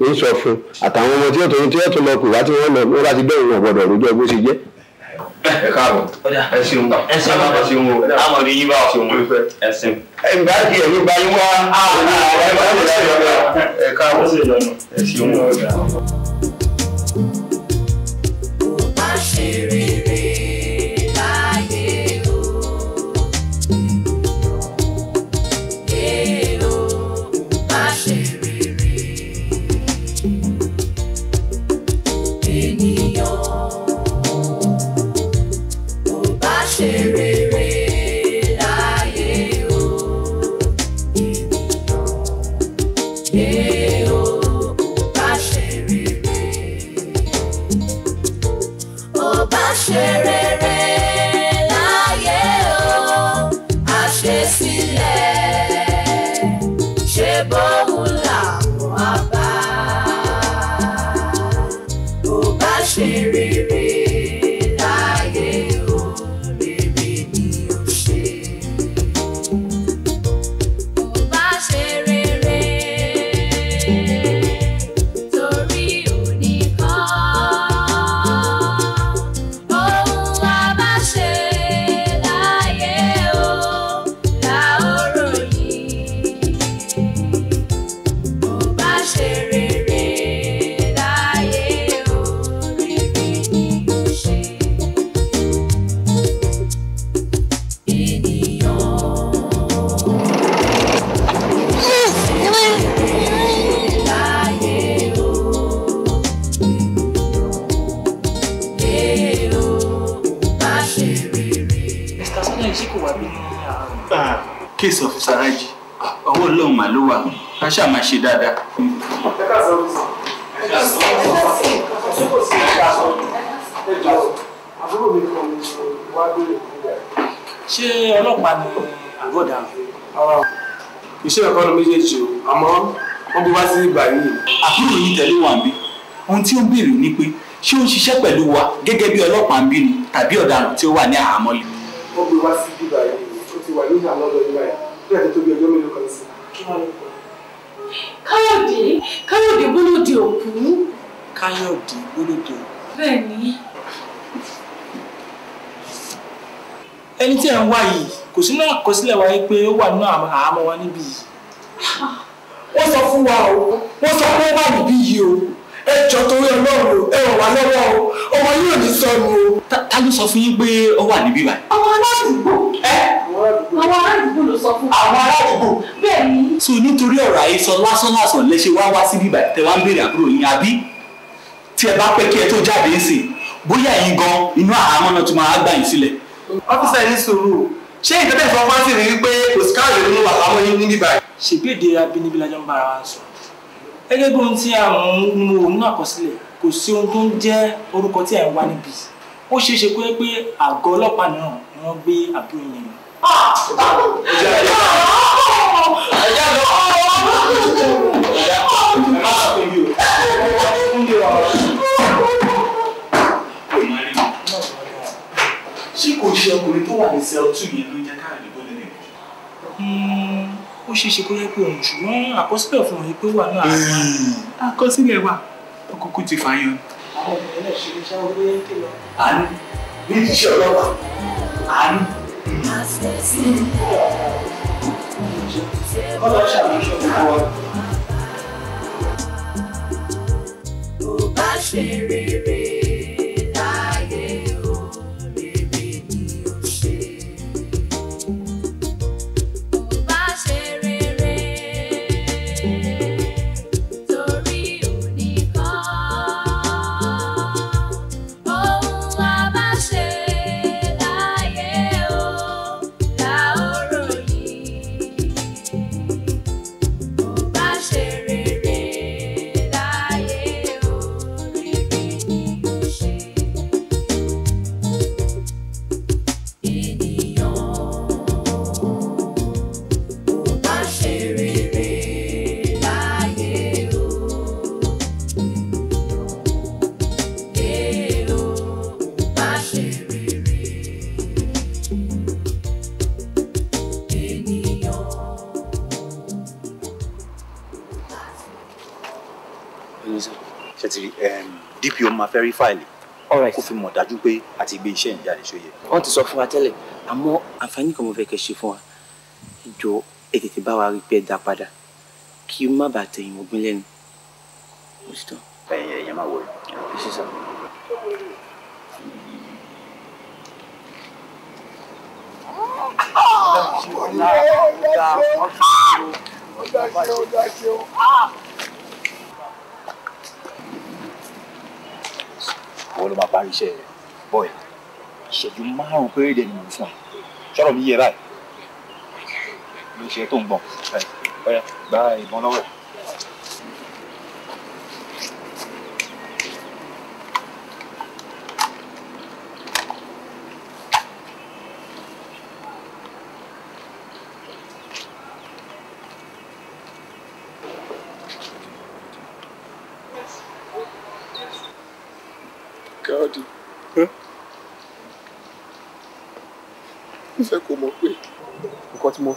yìí ń sọ fún àtàwọn ọmọ tí ó tó ń tí ó tó lọ kù wá tí wọ́n lọ wọ́n bá ti bẹ́ẹ̀ wọn gbọ́dọ̀ lójú ọgbó ṣe jẹ́ ẹ káàbọ̀ ẹ ṣeun ẹ ṣeun ẹ ṣeun o àmọ́ ní yín bá ṣeun o ẹ ṣeun. ẹ gbà kí ẹ ní gbayín wá ah, ah, ẹ bá ṣe ìyọnu ẹ káàbọ̀ ẹ ṣeun o. ṣe dáadáa. ṣé ọlọ́pàá ni àgọ́dà? iṣẹ́ ẹ̀kọ́ ló méjèèjì o àmọ́ wọ́n bí wá sí ìgbà yìí. àbúrò yìí tẹ̀lé wà ń bí ohun tí ó ń béèrè ni pé ṣé ó ń ṣiṣẹ́ pẹ̀lú wa gẹ́gẹ́ bí ọlọ́pàá ń bí ni tàbí ọ̀daràn tí ó wà ní àhámọ́ lé. wọ́n gbé wá sí bíbá yìí ó ti wà lórí àwọn ọ̀dọ́ ìgbà yìí bí àti tóbi ọjọ́ mélòó kan sí i. káyọ̀dé káyọ̀dé bólódì òkú. káyọ̀dé bólódì òkú. ẹni tí ẹ̀ ń wá yìí kò sínú àkọsílẹ̀ wa pé ó wà nínú àhámọ́ wa níbí yìí ah. wọ́n sọ fún wa o wọ́n sọ pé ó wà níbí yìí o. ẹ jọ torí ọlọ́run ẹ wà wá lọ́wọ́ o ọmọ yóò ní sọnù o. ta ló sọ fún yín pé ó wà níbí báyìí. ọmọ aládùúgbò ẹ àwọn aládùúgbò ló sọ fún. àwọn aládùúgbò bẹ́ẹ̀ so nítorí ọ̀rọ̀ àhesọ ṣe wá wá síbí báyìí tẹ wá ń béèrè àbúrò yín àbí tí ẹ bá pẹ kí ẹ tó jáde ń sìn bóyá ẹ̀yin gan inú àhámọ́ náà tún máa gbà yín sílẹ̀. ọ́fíìsà yín sùúrù ṣé ìtẹ́tẹ̀ ìfọwọ́fọ́sí rí wípé òsì káàdì ló ń wà láwọn yín báyìí. ṣègbè gẹ́gẹ́ bí ohun tí àwọn nínú òun náà kọ sílẹ̀ kò sí ohun tó ń jẹ́ orúkọ tí ẹ̀ ń wá níbí ó ṣeé ṣe pé pé àgọ́ ọlọ́pàá náà ni wọ́n gbé àbúrò yẹn ah! lọ. ṣé kò ṣe ọkùnrin tó wà ní cell two yẹn ló ń jẹ́ káàdì bọ́lẹ̀ nìkan ó ṣeé ṣe kó yẹ pé òun ṣùgbọ́n àkọsílẹ̀ fún òye pé wà náà hmm. àkọsílẹ̀ wà ọkọ̀kọ̀ ti fàyàn. àwọn ọmọ ẹlẹ́ ṣe iṣẹ́ orí ẹ̀kẹ́ lọ. àánú bí iṣẹ́ ọlọ́pàá àánú. Hmm. kọ́lá ṣàlùṣọ́ fún ọ. bó bá ṣe rere. máa verify lè kó fi mọ̀ dájú pé a ti gbé iṣẹ́ ìjáde ṣóyè. wọ́n ti sọ fún wa tẹ́lẹ̀ àmọ́ àǹfààní kan mo fẹ́ kẹ́ ṣe fún wa ìjọ ẹ bá wa rí pé ẹ dá padà kí má bàa tẹ̀yìn ogun lẹ́nu. ẹ̀yin ẹ̀yin máa wọ̀ ẹ́ ṣe wọ́n ló máa parí iṣẹ́ rẹ̀ bọ́ọ̀yì ìṣẹ́jú márùn péré dẹ̀ ni mo fún ẹ sọ̀rọ̀ mi yẹ báyìí ló ṣe tó ń gbọ̀n ọ̀yà gba ìbọn lọ́wọ́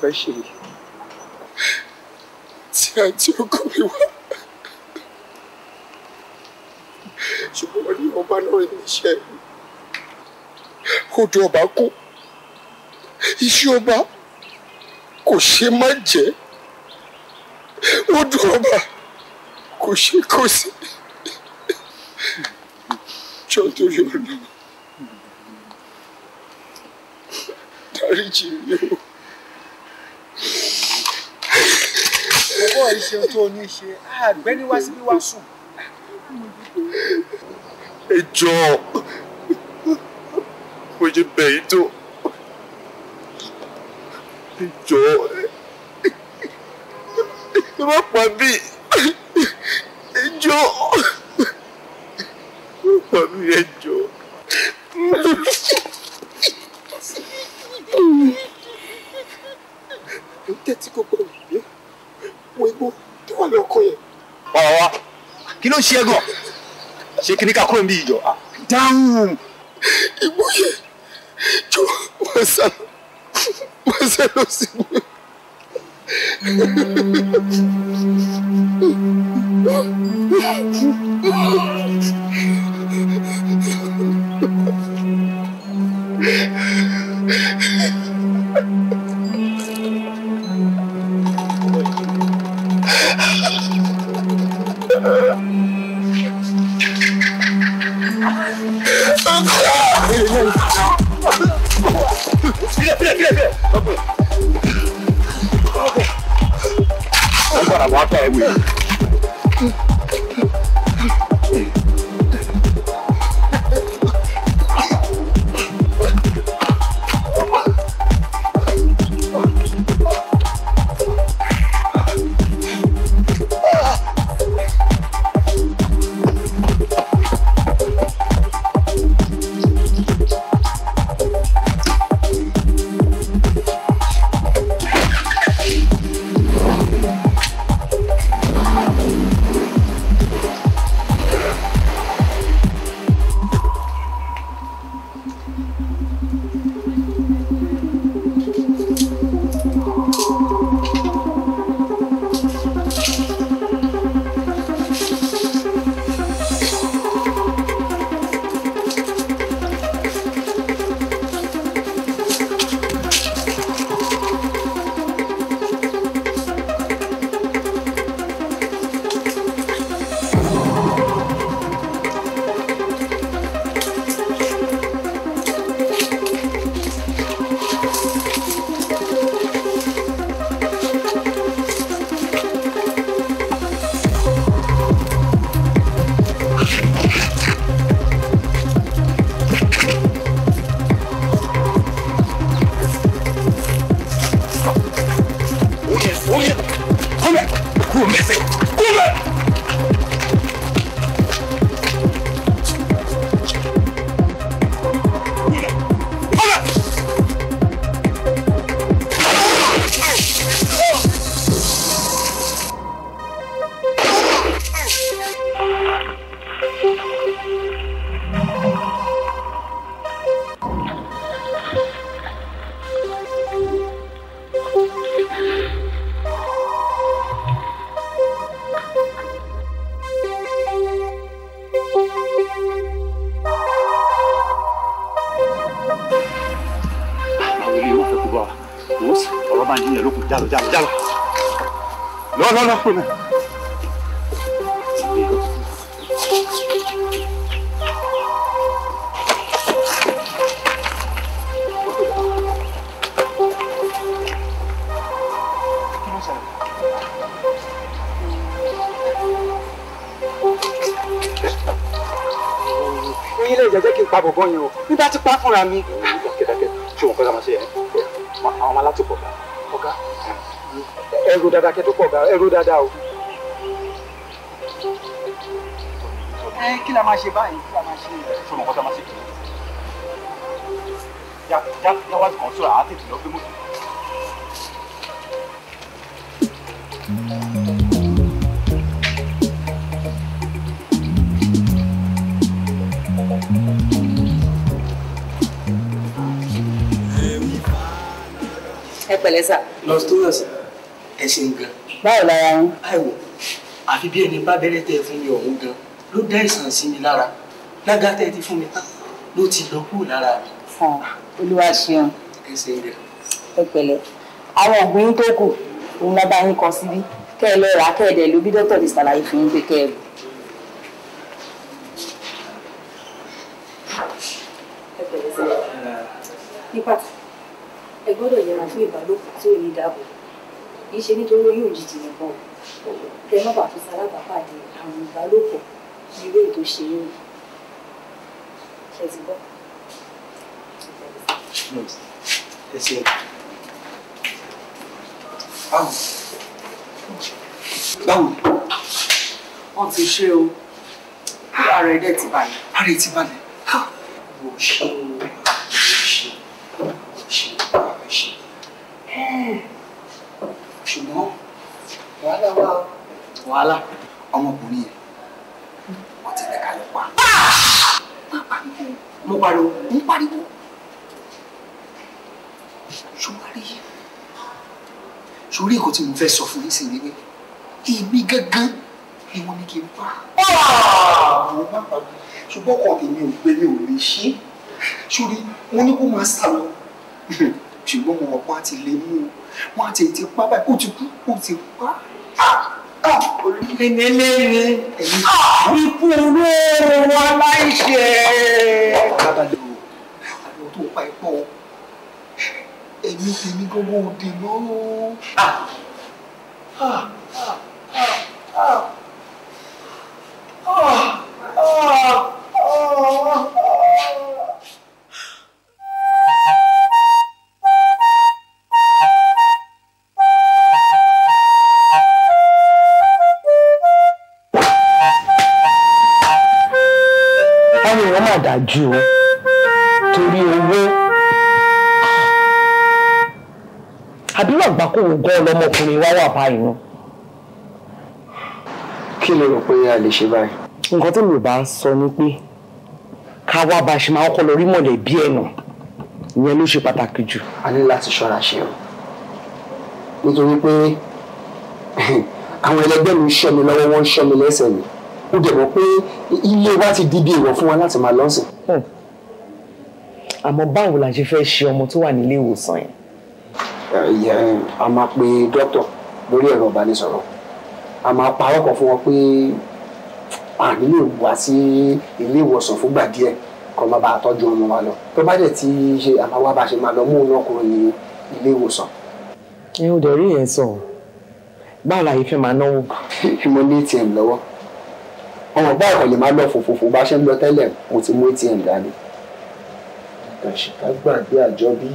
fẹ́ ṣe yìí a àǹtí ọkọ mi wá ṣùgbọ́n wọ́n ní ọba náà rí níṣẹ́ odò ọba kú iṣẹ́ ọba kò ṣe má jẹ́ odò ọba kò ṣe kò sí jọ tó yọ ọ náà dáríjì mi o. ẹ ṣe ohun tó ní ṣe àgbẹ́ni wá síbí wá sùn. ẹ jọ mo ṣe bẹ̀ yín tó ẹ jọ ẹ má pa mí ẹ jọ ẹ pa mí ẹ jọ. Tẹ́tí kókó rẹ̀ wo igbó tí wọ́n lọ kọ yẹn. wà wá kí ló ń ṣe é gan ṣé kí ni ká kúrò níbi ìjọ ah, dáhùn. igbó yẹn jọ wọn sá wọn sá lọ sí igbó. Thank Filha, filha, 不能。dáadáa o. ẹ kí la máa ṣe báyìí kí la máa ṣe. sọmọ kọ́ta máa ṣe kìlọ̀ já já já wá a sọ̀rọ̀ àá tètè lọ gbé mọ́tò. ẹ a sà. lọ sí tó yọ sí báwo lára wọn. báwo àfi bí ẹni bá bẹ́rẹ́ tẹ fún mi ọ̀hún gan ló dá ìsàn sí mi lára lágàtẹ́ ti fún mi tán ló ti lọ kúrò lára mi. fún olúwa ṣeun ẹ pẹ̀lẹ́ àwọn ògùn yín tó kù òun lọ́ba yín kọ síbí kẹ́ ẹ lọ rà kẹ́ ẹ dẹ̀ ló bí dókítà ti ṣàlàyé fún yín pé kẹ́ ẹ lò. nípa ẹ gbọ́dọ̀ yẹra fún kì í ṣe nítorí oyún òjijì nìkan kẹ má bàa fi salábàápàdé àrùn ìbálòpọ̀ ní ilé ètò ṣe é ṣe ti báwo wọn ti ṣe o ara ẹ dẹ ti balẹ̀. ara ẹ ti balẹ̀. mo ṣe o mo ṣe o mo ṣe o ṣùgbọ́n wàhálà wà wàhálà ọmọkùnrin yẹn wọ́n ti lẹ́ka ló pa. mo pariwo mo pariwo ṣùgbọ́n sórí nǹkan tí mo fẹ́ sọ fún yín sí ni pé èmi gángan ni wọ́n ní kí n pa. mo má pariwo mi ò gbé mi ò lè ṣe é sórí mo ní kó máa sá lọ ṣùgbọ́n mo mọ̀ pé a ti lè mú un wọ́n á ti ti báyìí ó ti kú ó ti pa. Olùkíni ikú olóró wa láì ṣe. àwọn tó pa ẹ̀ pọ̀ ẹ̀mí gbogbo òde náà. Ah! dájú o torí owó àbúrò àgbà kò wò gan lọmọkùnrin wá wà báyìí nù. kí lè rò pé a lè ṣe báyìí. nǹkan tó lè bá sọ ni pé ká wá bá a ṣe máa kọ́ lọ rí mọ̀lẹ́bí ẹ̀ nà ìyẹn ló ṣe pàtàkì jù. a ní láti ṣọ́ra ṣe o nítorí pé àwọn ẹlẹgbẹ́ mi ń ṣọ́ mi lọ́wọ́ wọ́n ń ṣọ́ mi lẹ́sẹ̀ mi ó dẹ̀ mọ̀ pé ilé wa ti di bí èèwọ̀ fún wa láti máa lọ́sìn. Hmm. àmọ́ báwo la ṣe fẹ́ ṣe ọmọ tó wà nílé ìwòsàn yẹn. ìyá a máa pe dókítà lórí ẹ̀rọ ìbánisọ̀rọ̀ a máa parọ́ kan fún wọn pé a nílò wá sí ilé ìwòsàn fúngbà díẹ̀ kó má bàa tọ́jú ọmọ wa lọ tó bá dẹ̀ ti ṣe àmàwá bá ṣe máa lọ mú un ọkùnrin ní ilé ìwòsàn. ẹ ò dẹ̀ rí yẹn sọ báwo la yìí fẹ́ máa náwó. mo ní atm lọ́wọ́ ọmọ bá ọkàn lè máa lọ fòfòfò bá ṣe ń lọ tẹ́lẹ̀ mo ti mú atm dání. àṣìká gbàgbé àjọbí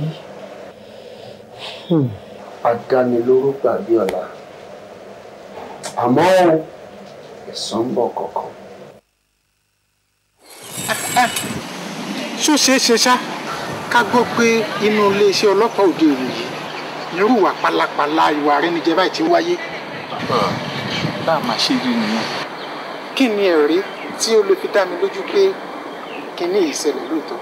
hmm. adánilóró gbàgbé ọ̀la àmọ́ ẹ̀san ń bọ̀ kọ̀ọ̀kan. ṣó ṣeé ṣe ṣá ká gbọ́ pé inú iléeṣẹ́ ọlọ́pàá òde òru yìí irú ìwà pálapàla ìwà àrẹnijẹ báyìí ti wáyé. báà máa ṣe rí nìyẹn kí ni ẹ̀rí tí ó lè fi dá mi lójú pé kíní ìṣẹ̀lẹ̀ lóòótọ́.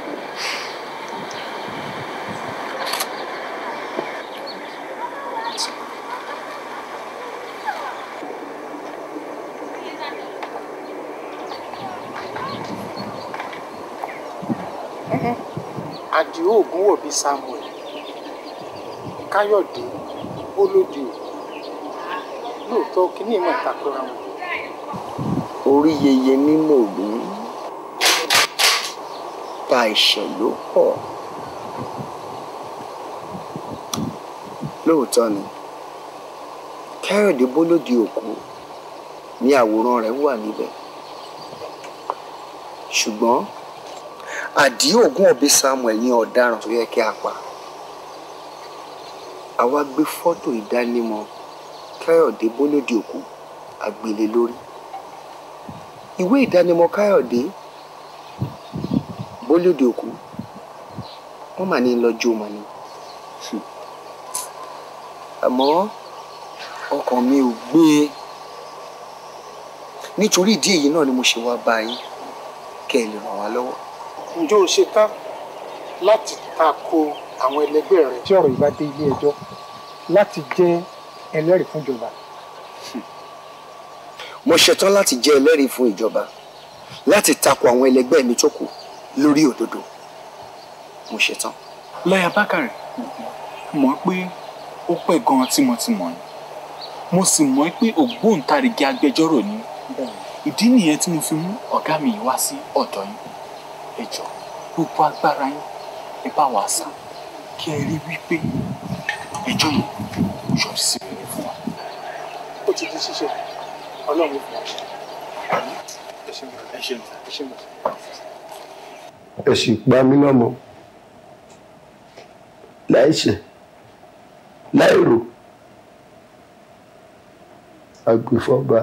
Àdìó Ògúnwòbí Samuel Káyọ̀dé Olódìó lóòótọ́ kíní ìmọ̀ ìtakora wọn orí yeye mímò rí ta ẹ̀ṣẹ̀ ló pọ̀ lóòótọ́ ni kẹ́rìndé bólódì òkú ní àwòrán rẹ̀ wà níbẹ̀ ṣùgbọ́n àdí ògún ọ̀bẹ samuel ní ọ̀daràn tó yẹ kí a pa àwa gbé fọ́tò ìdánimọ̀ kẹ́rìndé bólódì òkú àgbélé lórí ìwé ìdánimọ̀ káyọ̀dé bólódé òkú wọ́n mà ní lọ́jọ́ mọ̀ ni àmọ́ ọkàn mi ò gbé e nítorí ìdí èyí náà ni mo ṣe wá bá yín kẹ́ ẹ lè ràn wá lọ́wọ́. ǹjẹ́ o ṣe tán láti tako àwọn ẹlẹgbẹ́ rẹ. tí ọ̀rọ̀ yìí dé ilé ẹjọ́ láti jẹ́ ẹlẹ́rìí fúnjọba. Hmm mo ṣetán láti jẹ́ ẹlẹ́rìí fún ìjọba láti takò àwọn ẹlẹgbẹ́ mi tó kù lórí òdodo mo ṣetán. lọ́yà bákàrẹ̀ mọ̀ pé ó pẹ́ gan-an tí mo ti mọ̀ ni mo sì mọ̀ pé ògbóǹtarìgì agbẹjọ́rò ni ìdí nìyẹn tí mo fi mú ọ̀gá mi wá sí ọ̀dọ̀ yín ẹ gbogbo agbára yín ẹ bá wa sá kí ẹ rí wípé ẹjọ́ yìí yọrí sí mi fún wa. ó ti di ṣíṣe. Ọlọ́run fún ọ. Ẹ ṣeun ẹ ṣeun ẹ ṣeun. Ẹ sì pa mí lọ́mọ láìṣẹ̀ láìrò agbèfọ́ba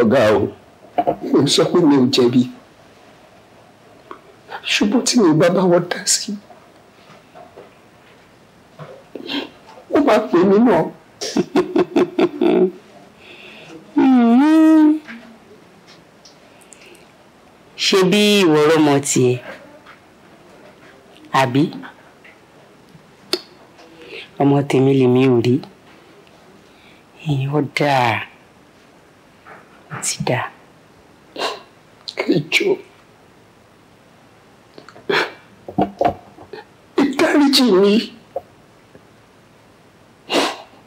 ọ̀gá o mo sọ pé mi ò jẹ̀bi ṣùgbọ́n tí mi bá bá wọn dá sí i. ó máa pè mí náà. ṣe bí ìwọ rọmọ tiẹ̀ àbí ọmọ tèmi lèmi ò rí ìyọ dáa ó ti dáa. ẹjọ́ ìdáríjì mi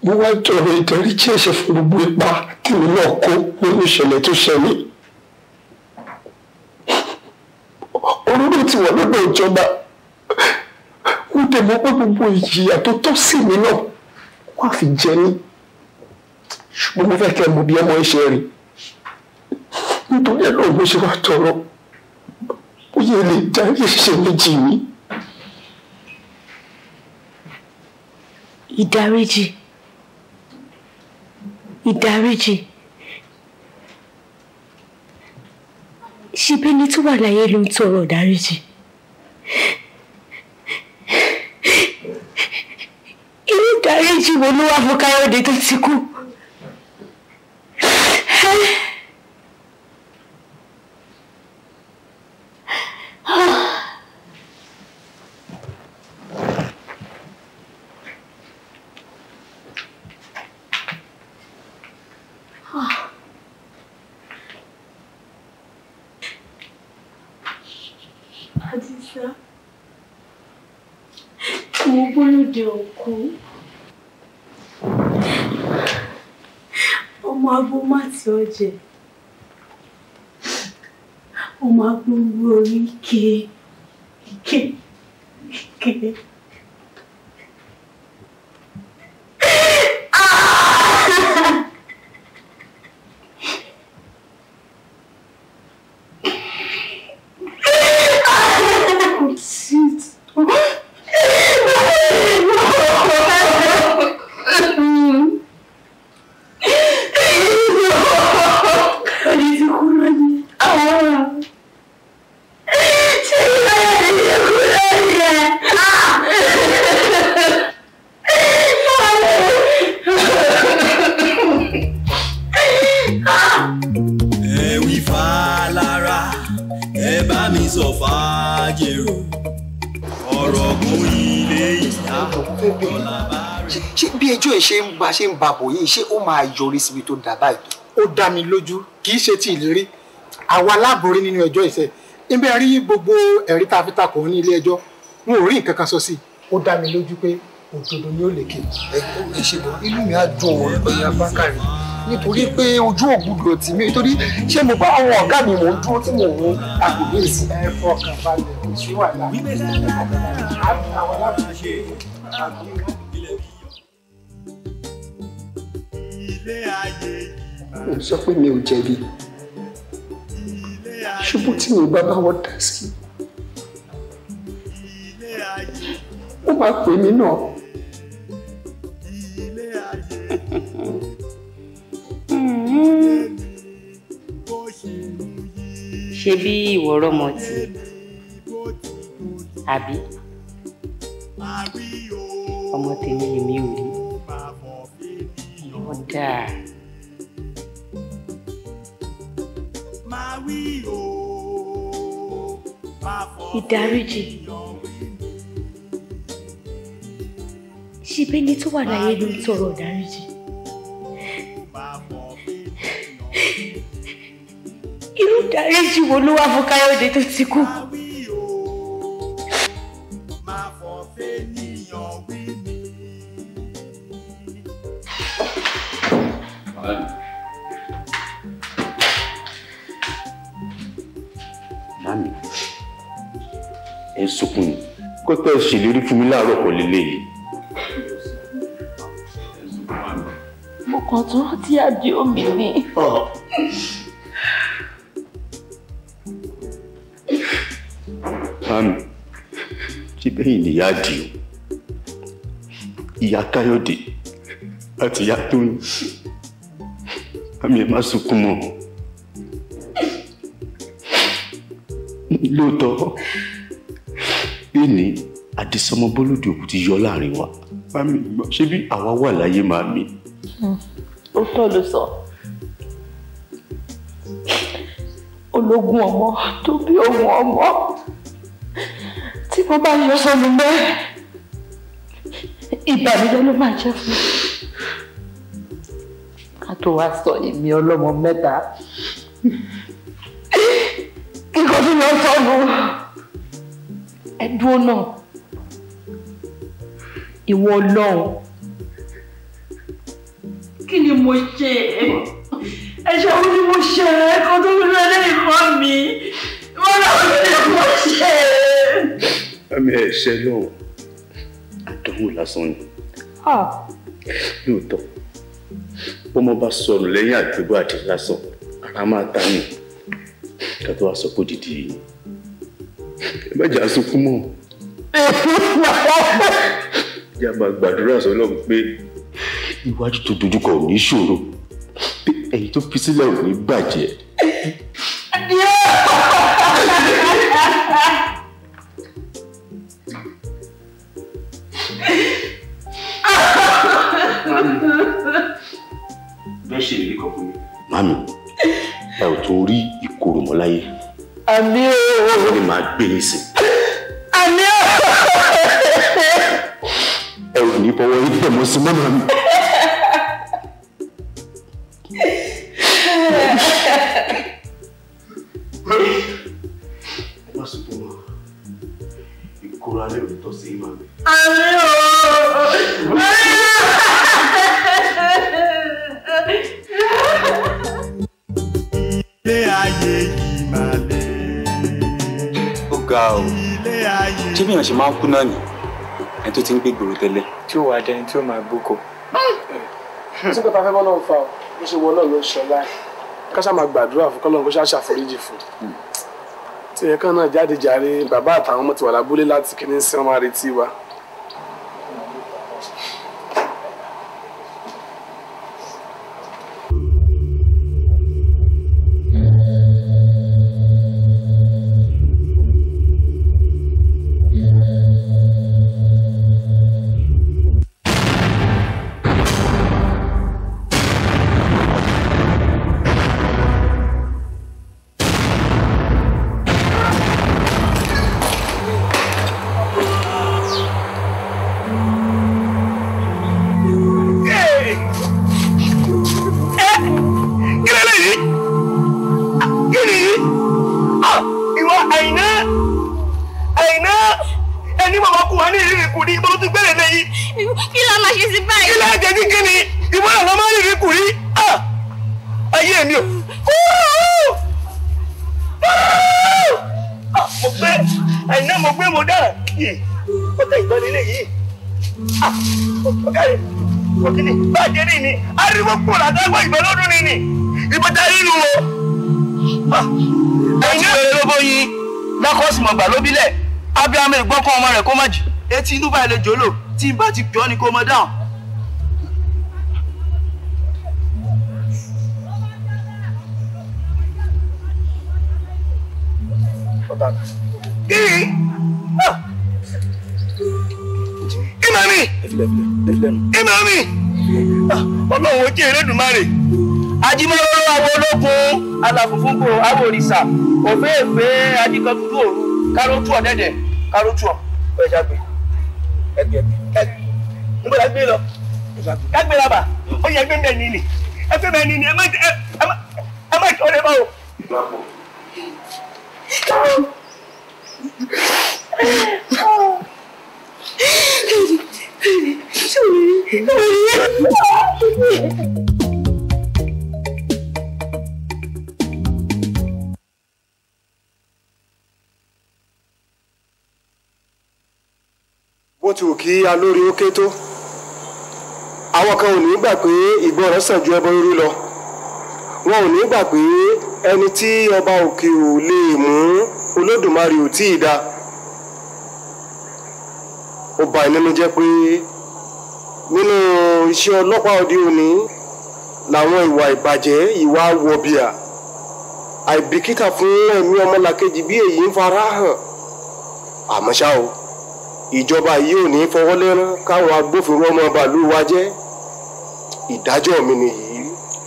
mo wá tọrọ ìdáríjì ẹ̀ṣẹ̀ fún gbogbo ipa tèmi náà kó nínú ìṣẹ̀lẹ̀ tó ṣẹlẹ̀ olórí ti wà lọ́dọ̀ ìjọba mo dẹ̀ mọ̀ pé gbogbo ìjìyà tó tọ́ sí mi náà wọ́n á fi jẹ ní ṣùgbọ́n mo fẹ́ kẹ́ mo bí ọmọ iṣẹ́ rí nítorí ẹ̀ lóògùn ṣe wá tọrọ ó yẹ lè dárí ẹ̀ṣẹ̀ méjì mi. ìdáríjì ìdáríjì ṣebí ẹni tó wà láyé ló ń tọrọ ìdáríjì irú ìdáríjì wo ló wà fún Káyọ̀dé tó ti kú. àǹtí ọ̀jẹ̀ ọmọ agbóhùn orí ike ike ike. a ṣe ń babò yìí ṣé ó máa yọrí síbi tó dà báyìí. ó dá mi lójú kì í ṣe ti ìlérí àwa aláàbòrí nínú ẹjọ́ ìṣe ibẹ̀ rí gbogbo ẹ̀rí tá a fi takò ní ilé ẹjọ́ wọn ò rí nǹkan kan sọ sí i ó dá mi lójú pé òdodo ni ó lékè. ẹ ẹ ṣe bọ inú mi á dùn ọ ọyà bákàrẹ nítorí pé ojú ògbúdọ̀ tì mí nítorí ṣé mo bá àwọn ọ̀gá mi mò ń dúró tí mò ń mú àgbègbè sí. ẹ fọkàn balẹ̀ kò sí wàhálà àwọn aláàbò ṣe àgbègbè. mo sọ pé mi ò jẹ̀bi ṣùgbọ́n tí mi bá bá wọn dá sí máa pè mí náà. ṣe bí ìwọ rọmọ tì àbí ọmọ tèmi lèmi ò rí. ìdáríjì ṣebí ẹni tó wà láyé ló ń tọrọ ìdáríjì irú ìdáríjì wo ló wà fún Káyọ̀dé tó ti kú. fẹ́ ṣèlérí fún mi láàárọ̀ kò lè léyìí. mo kàn tún rántí àdéhùn mi ni. Bámi, síbẹ̀ yìí ni ìyá di o, ìyá Káyọ̀dé àti ìyá Tóyún. Bámi ẹ má sunkún mọ́. Lóòótọ́, ènìyàn àdìsọmọ bọ́lódì òkú ti yọ láàrin wa mami ṣé bí àwa wà láyé màmí. Hmm. ó tọ́ ló sọ ológun ọmọ tó bí ohun ọmọ tí mo bá yọ sọnù mẹ́ ìbànújẹ́ ló máa jẹ́ fún mi ká tó wá sọ èmi ọlọ́mọ mẹ́ta kíkọ́ tí mo sọnù ẹ̀dùn náà ìwọ Ọlọ́run kí ni mo ṣe ẹ̀ṣẹ̀ wo ni mo ṣe ẹkọ tó fi lọ lẹ́yìn mọ mi wọn làwọn tó lè mọ ṣe. ẹmi ẹ̀ṣẹ̀ lọhùn àdánwò lásán ni lóòótọ́ bọ́mọ bá sọnù lẹ́yìn àdúgbò àti lásán ara máa ta ni ká tó wá sọ pé dídì ẹ má jà sunkún mọ́. jẹ́ a máa gbàdúrà sọ́lọ́run pé iwájú tó dojúkọ ò ní ṣòro pé ẹ̀yìn tó fi sílẹ̀ ò ní bàjẹ́. bẹ́ẹ̀ ṣe ìrírí kan fún mi. mami ẹ ò tún rí ìkorò mọ́ láyé. àmì ò. ó ní máa gbé yín sí Nipowaipe msimama ṣe máa ń kú náà nìyí ẹni tó ti ń gbé gbòòrò tẹ́lẹ̀. tí ó wà á dẹni tí ó máa gbóko. tí kò tá a fẹ́ bọ́ náà o bó ṣe wọ náà ló ń ṣọlá ẹ̀ ká ṣáà máa gbàdúrà fún kọ́lọ́n kó ṣáà ṣàforíjì fún un. tí ẹ̀kan náà jáde jàre bàbá àtàwọn ọmọ ti wà lábúlé láti kíní sí ọmọ àrètí wa. jòlò tí n bá ti pè ọ́ ni kò mọ dáhùn. kí ìmàmí ìmàmí ọlọ́run ojú Elédùmarè ajímọ́lọ́wọ́ àwọn ológun alàfùfúngbò aborìṣà òféèfé ajíkankudu òru kárótù ọ̀dẹ́dẹ̀ kárótù ọ̀ pẹ̀jágbé gbé lọ ẹ gbé lọ́ba ó yẹ gbé mẹ́ni ni ẹ fẹ́ mẹ́ni ni ẹ má ẹ má tọ́ lé bá o. bó ti wù kí alórí ó ké tó àwọn kan ò ní gbà pé ìgbọràn sàn ju ẹbọ rírú lọ wọn ò ní gbà pé ẹni tí ọba òkè ò lè mú olódùmarè ò tí ì da ó bà nínú jẹ́ pé nínú iṣẹ́ ọlọ́pàá òde òní làwọn ìwà ìbàjẹ́ ìwà wọ̀bìà àìbìkítà fún ẹ̀mí ọmọlàkejì bí èyí ń fara hàn àmọ́ ṣá o ìjọba yìí ò ní fọwọ́ lẹ́rán káwọn agbófinró ọmọ bàálù wa ìdájọ́ mi nìyí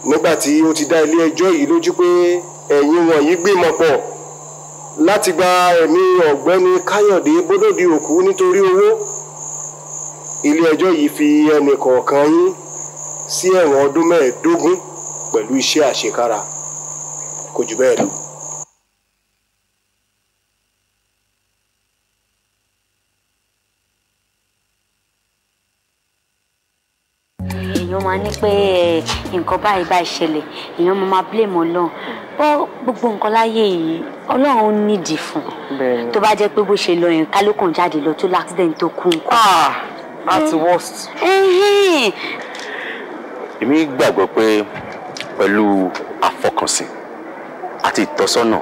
nígbà tí ó ti dá ilé ẹjọ́ yìí lójú pé ẹ̀yin wọ̀nyí gbìmọ̀ pọ̀ láti gba ẹ̀mí ọ̀gbẹ́ni káyọ̀dé bólódì òkú nítorí owó ilé ẹjọ́ yìí fi ẹnì kọ̀ọ̀kan yín sí ẹ̀wọ̀n ọdún mẹ́ẹ̀ẹ́dógún pẹ̀lú iṣẹ́ àṣekára kò jù bẹ́ẹ̀ lọ. pé nǹkan báyìí báyìí ṣẹlẹ̀ èèyàn máa blame ọlọ́run bọ́ gbogbo nǹkan láyé yìí ọlọ́run nídìí fún tó bá jẹ́ pé bó ṣe lọ yẹn kálókùn jáde lọ tó láksidẹ̀ntì tó kú nǹkan. Ah, that's the eh, worst. èmi gbàgbọ́ pé pẹ̀lú àfọkànsìn àti ìtọ́sọ́nà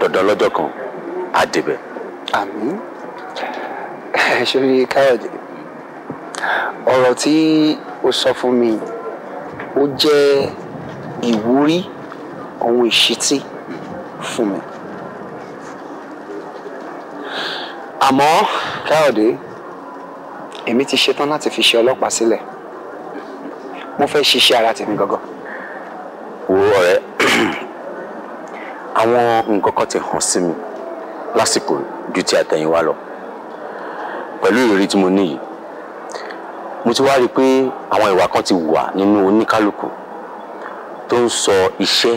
dandan lọ́jọ́ kan á débẹ̀. àmín ṣorí káyọ̀dé ọ̀rọ̀ tí ó sọ fún mi ó jẹ́ ìwúrí ohun ìṣítí fún mi. àmọ́ káyọ̀dé èmi ti ṣetán láti fi ṣe ọlọ́pàá sílẹ̀ mo fẹ́ ṣiṣẹ́ ara tèmi gangan. wo ọ̀rẹ́ àwọn nǹkan kan ti hàn sí mi lásìkò ju ti àtẹ̀yìnwá lọ pẹ̀lú ìrírí tí mo ní yìí mo ti wá rí i pé àwọn ìwà kan ti wà nínú oníkálukú tó ń sọ iṣẹ́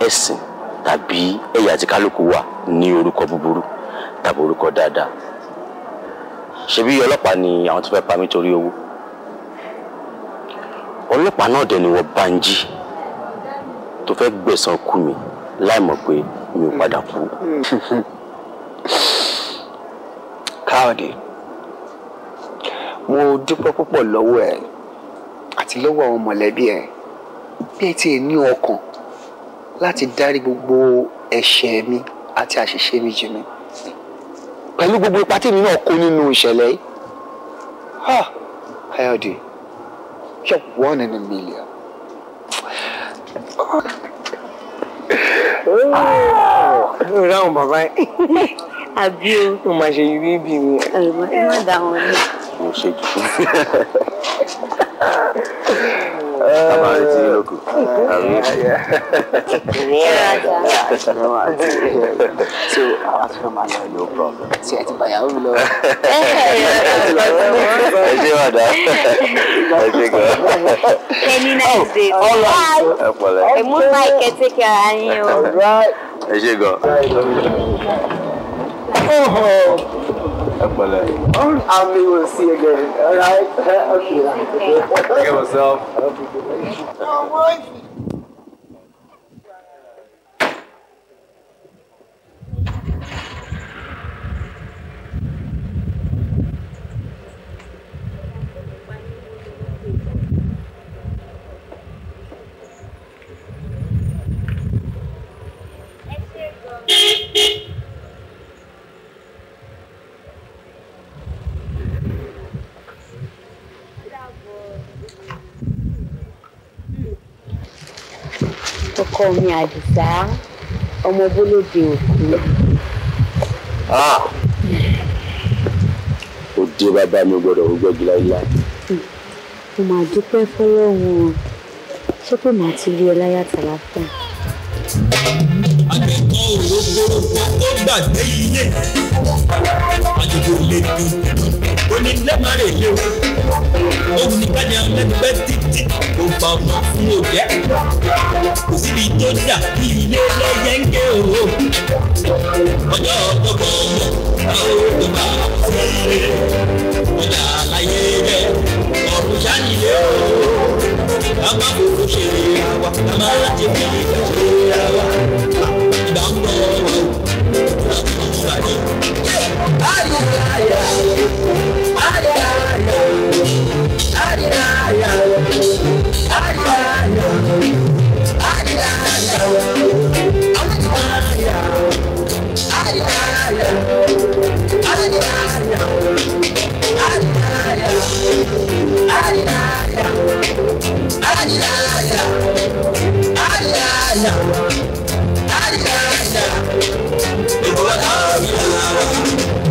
ẹ̀sìn tàbí ẹ̀yà tí kálukú wà ní orúkọ búburú tàbí orúkọ dáadáa ṣebí ọlọ́pàá ni àwọn tó fẹ́ pa mí torí owó ọlọ́pàá náà dẹ̀ ni wọ́n Bánjí tó fẹ́ gbẹ̀san kú mi láì mọ̀ pé mi ò padà kú. Káyọ̀dé mo dúpẹ́ púpọ̀ lọ́wọ́ ẹ àti lọ́wọ́ àwọn mọ̀lẹ́bí ẹ bí ẹ ti ní ọkàn láti dárí gbogbo ẹ̀ṣẹ̀ mi àti àṣìṣe mi jì mí pẹ̀lú gbogbo ipa tí mi náà kó nínú ìṣẹ̀lẹ̀ yìí ha Ayọ̀dé you're one in a million. Oh. Oh. Oh. Oh. Oh. Oh. Oh àbí o. mo máa ṣe ìwé ìbí mi. ẹ̀rọ má dá wọn ní. mo ṣe jù. Bàbá rẹ̀ ti lóko. So àwọn àti fẹ́ máa lọ no problem. Ṣé ẹ ti bá ìyàwó mi lọ? Ẹ ṣe wà oh, dá. Ẹ ṣe gan. Kẹ́ni náà ṣe. Ọlọ. Ẹ pọ̀lẹ́. Ẹ mú báyìí kẹ́tẹ́kẹ́ ara yín o. Ẹ ṣe gan. Oh, I'm going to see you again. All right? Okay. Take care of yourself. Oh, ọkọ mi àdìsá ọmọ bólóde òkú. Ah! òde bàbá mi gbọ́dọ̀ gbọ́ gíga ilá. mo máa dúpẹ́ fọlọ́run o ṣé pé màá ti rí ẹ láyà tàlàfà. akẹ́kọ̀ọ́ òrógbòrógbò ó gbàgbé iye àjòjò lè dùn onílẹ̀ má lè léwu olùdíjáde amẹ́gbẹ́ títí kò bá ọmọ fún òjẹ́ kò síbi tó dà bí ilé lẹ́yẹ ń gé òwò ọjọ́ gbogbo ọmọ àwọn tó bá sílé ọjà àlàyé rẹ ọ̀run ṣáàyè òwò bàbá kòkó ṣe àwa bàbá láti fi ìgbà ṣe àwa ìgbà ń bọ̀ wá o láti fi ìgbà ṣe. ayé ayé ayé ayé.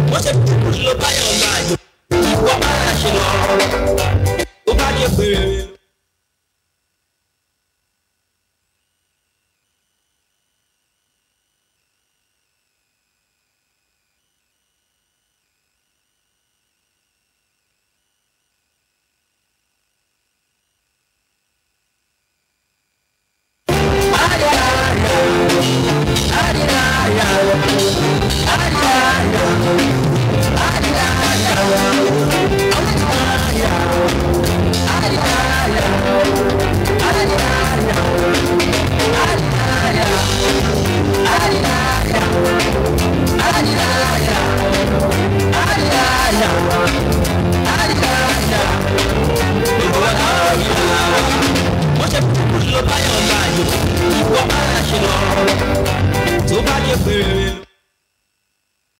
Wọ́n ṣe kúkú ló báyọ̀ máa yọ. Ìwọ bá yà ṣe lọ. Как и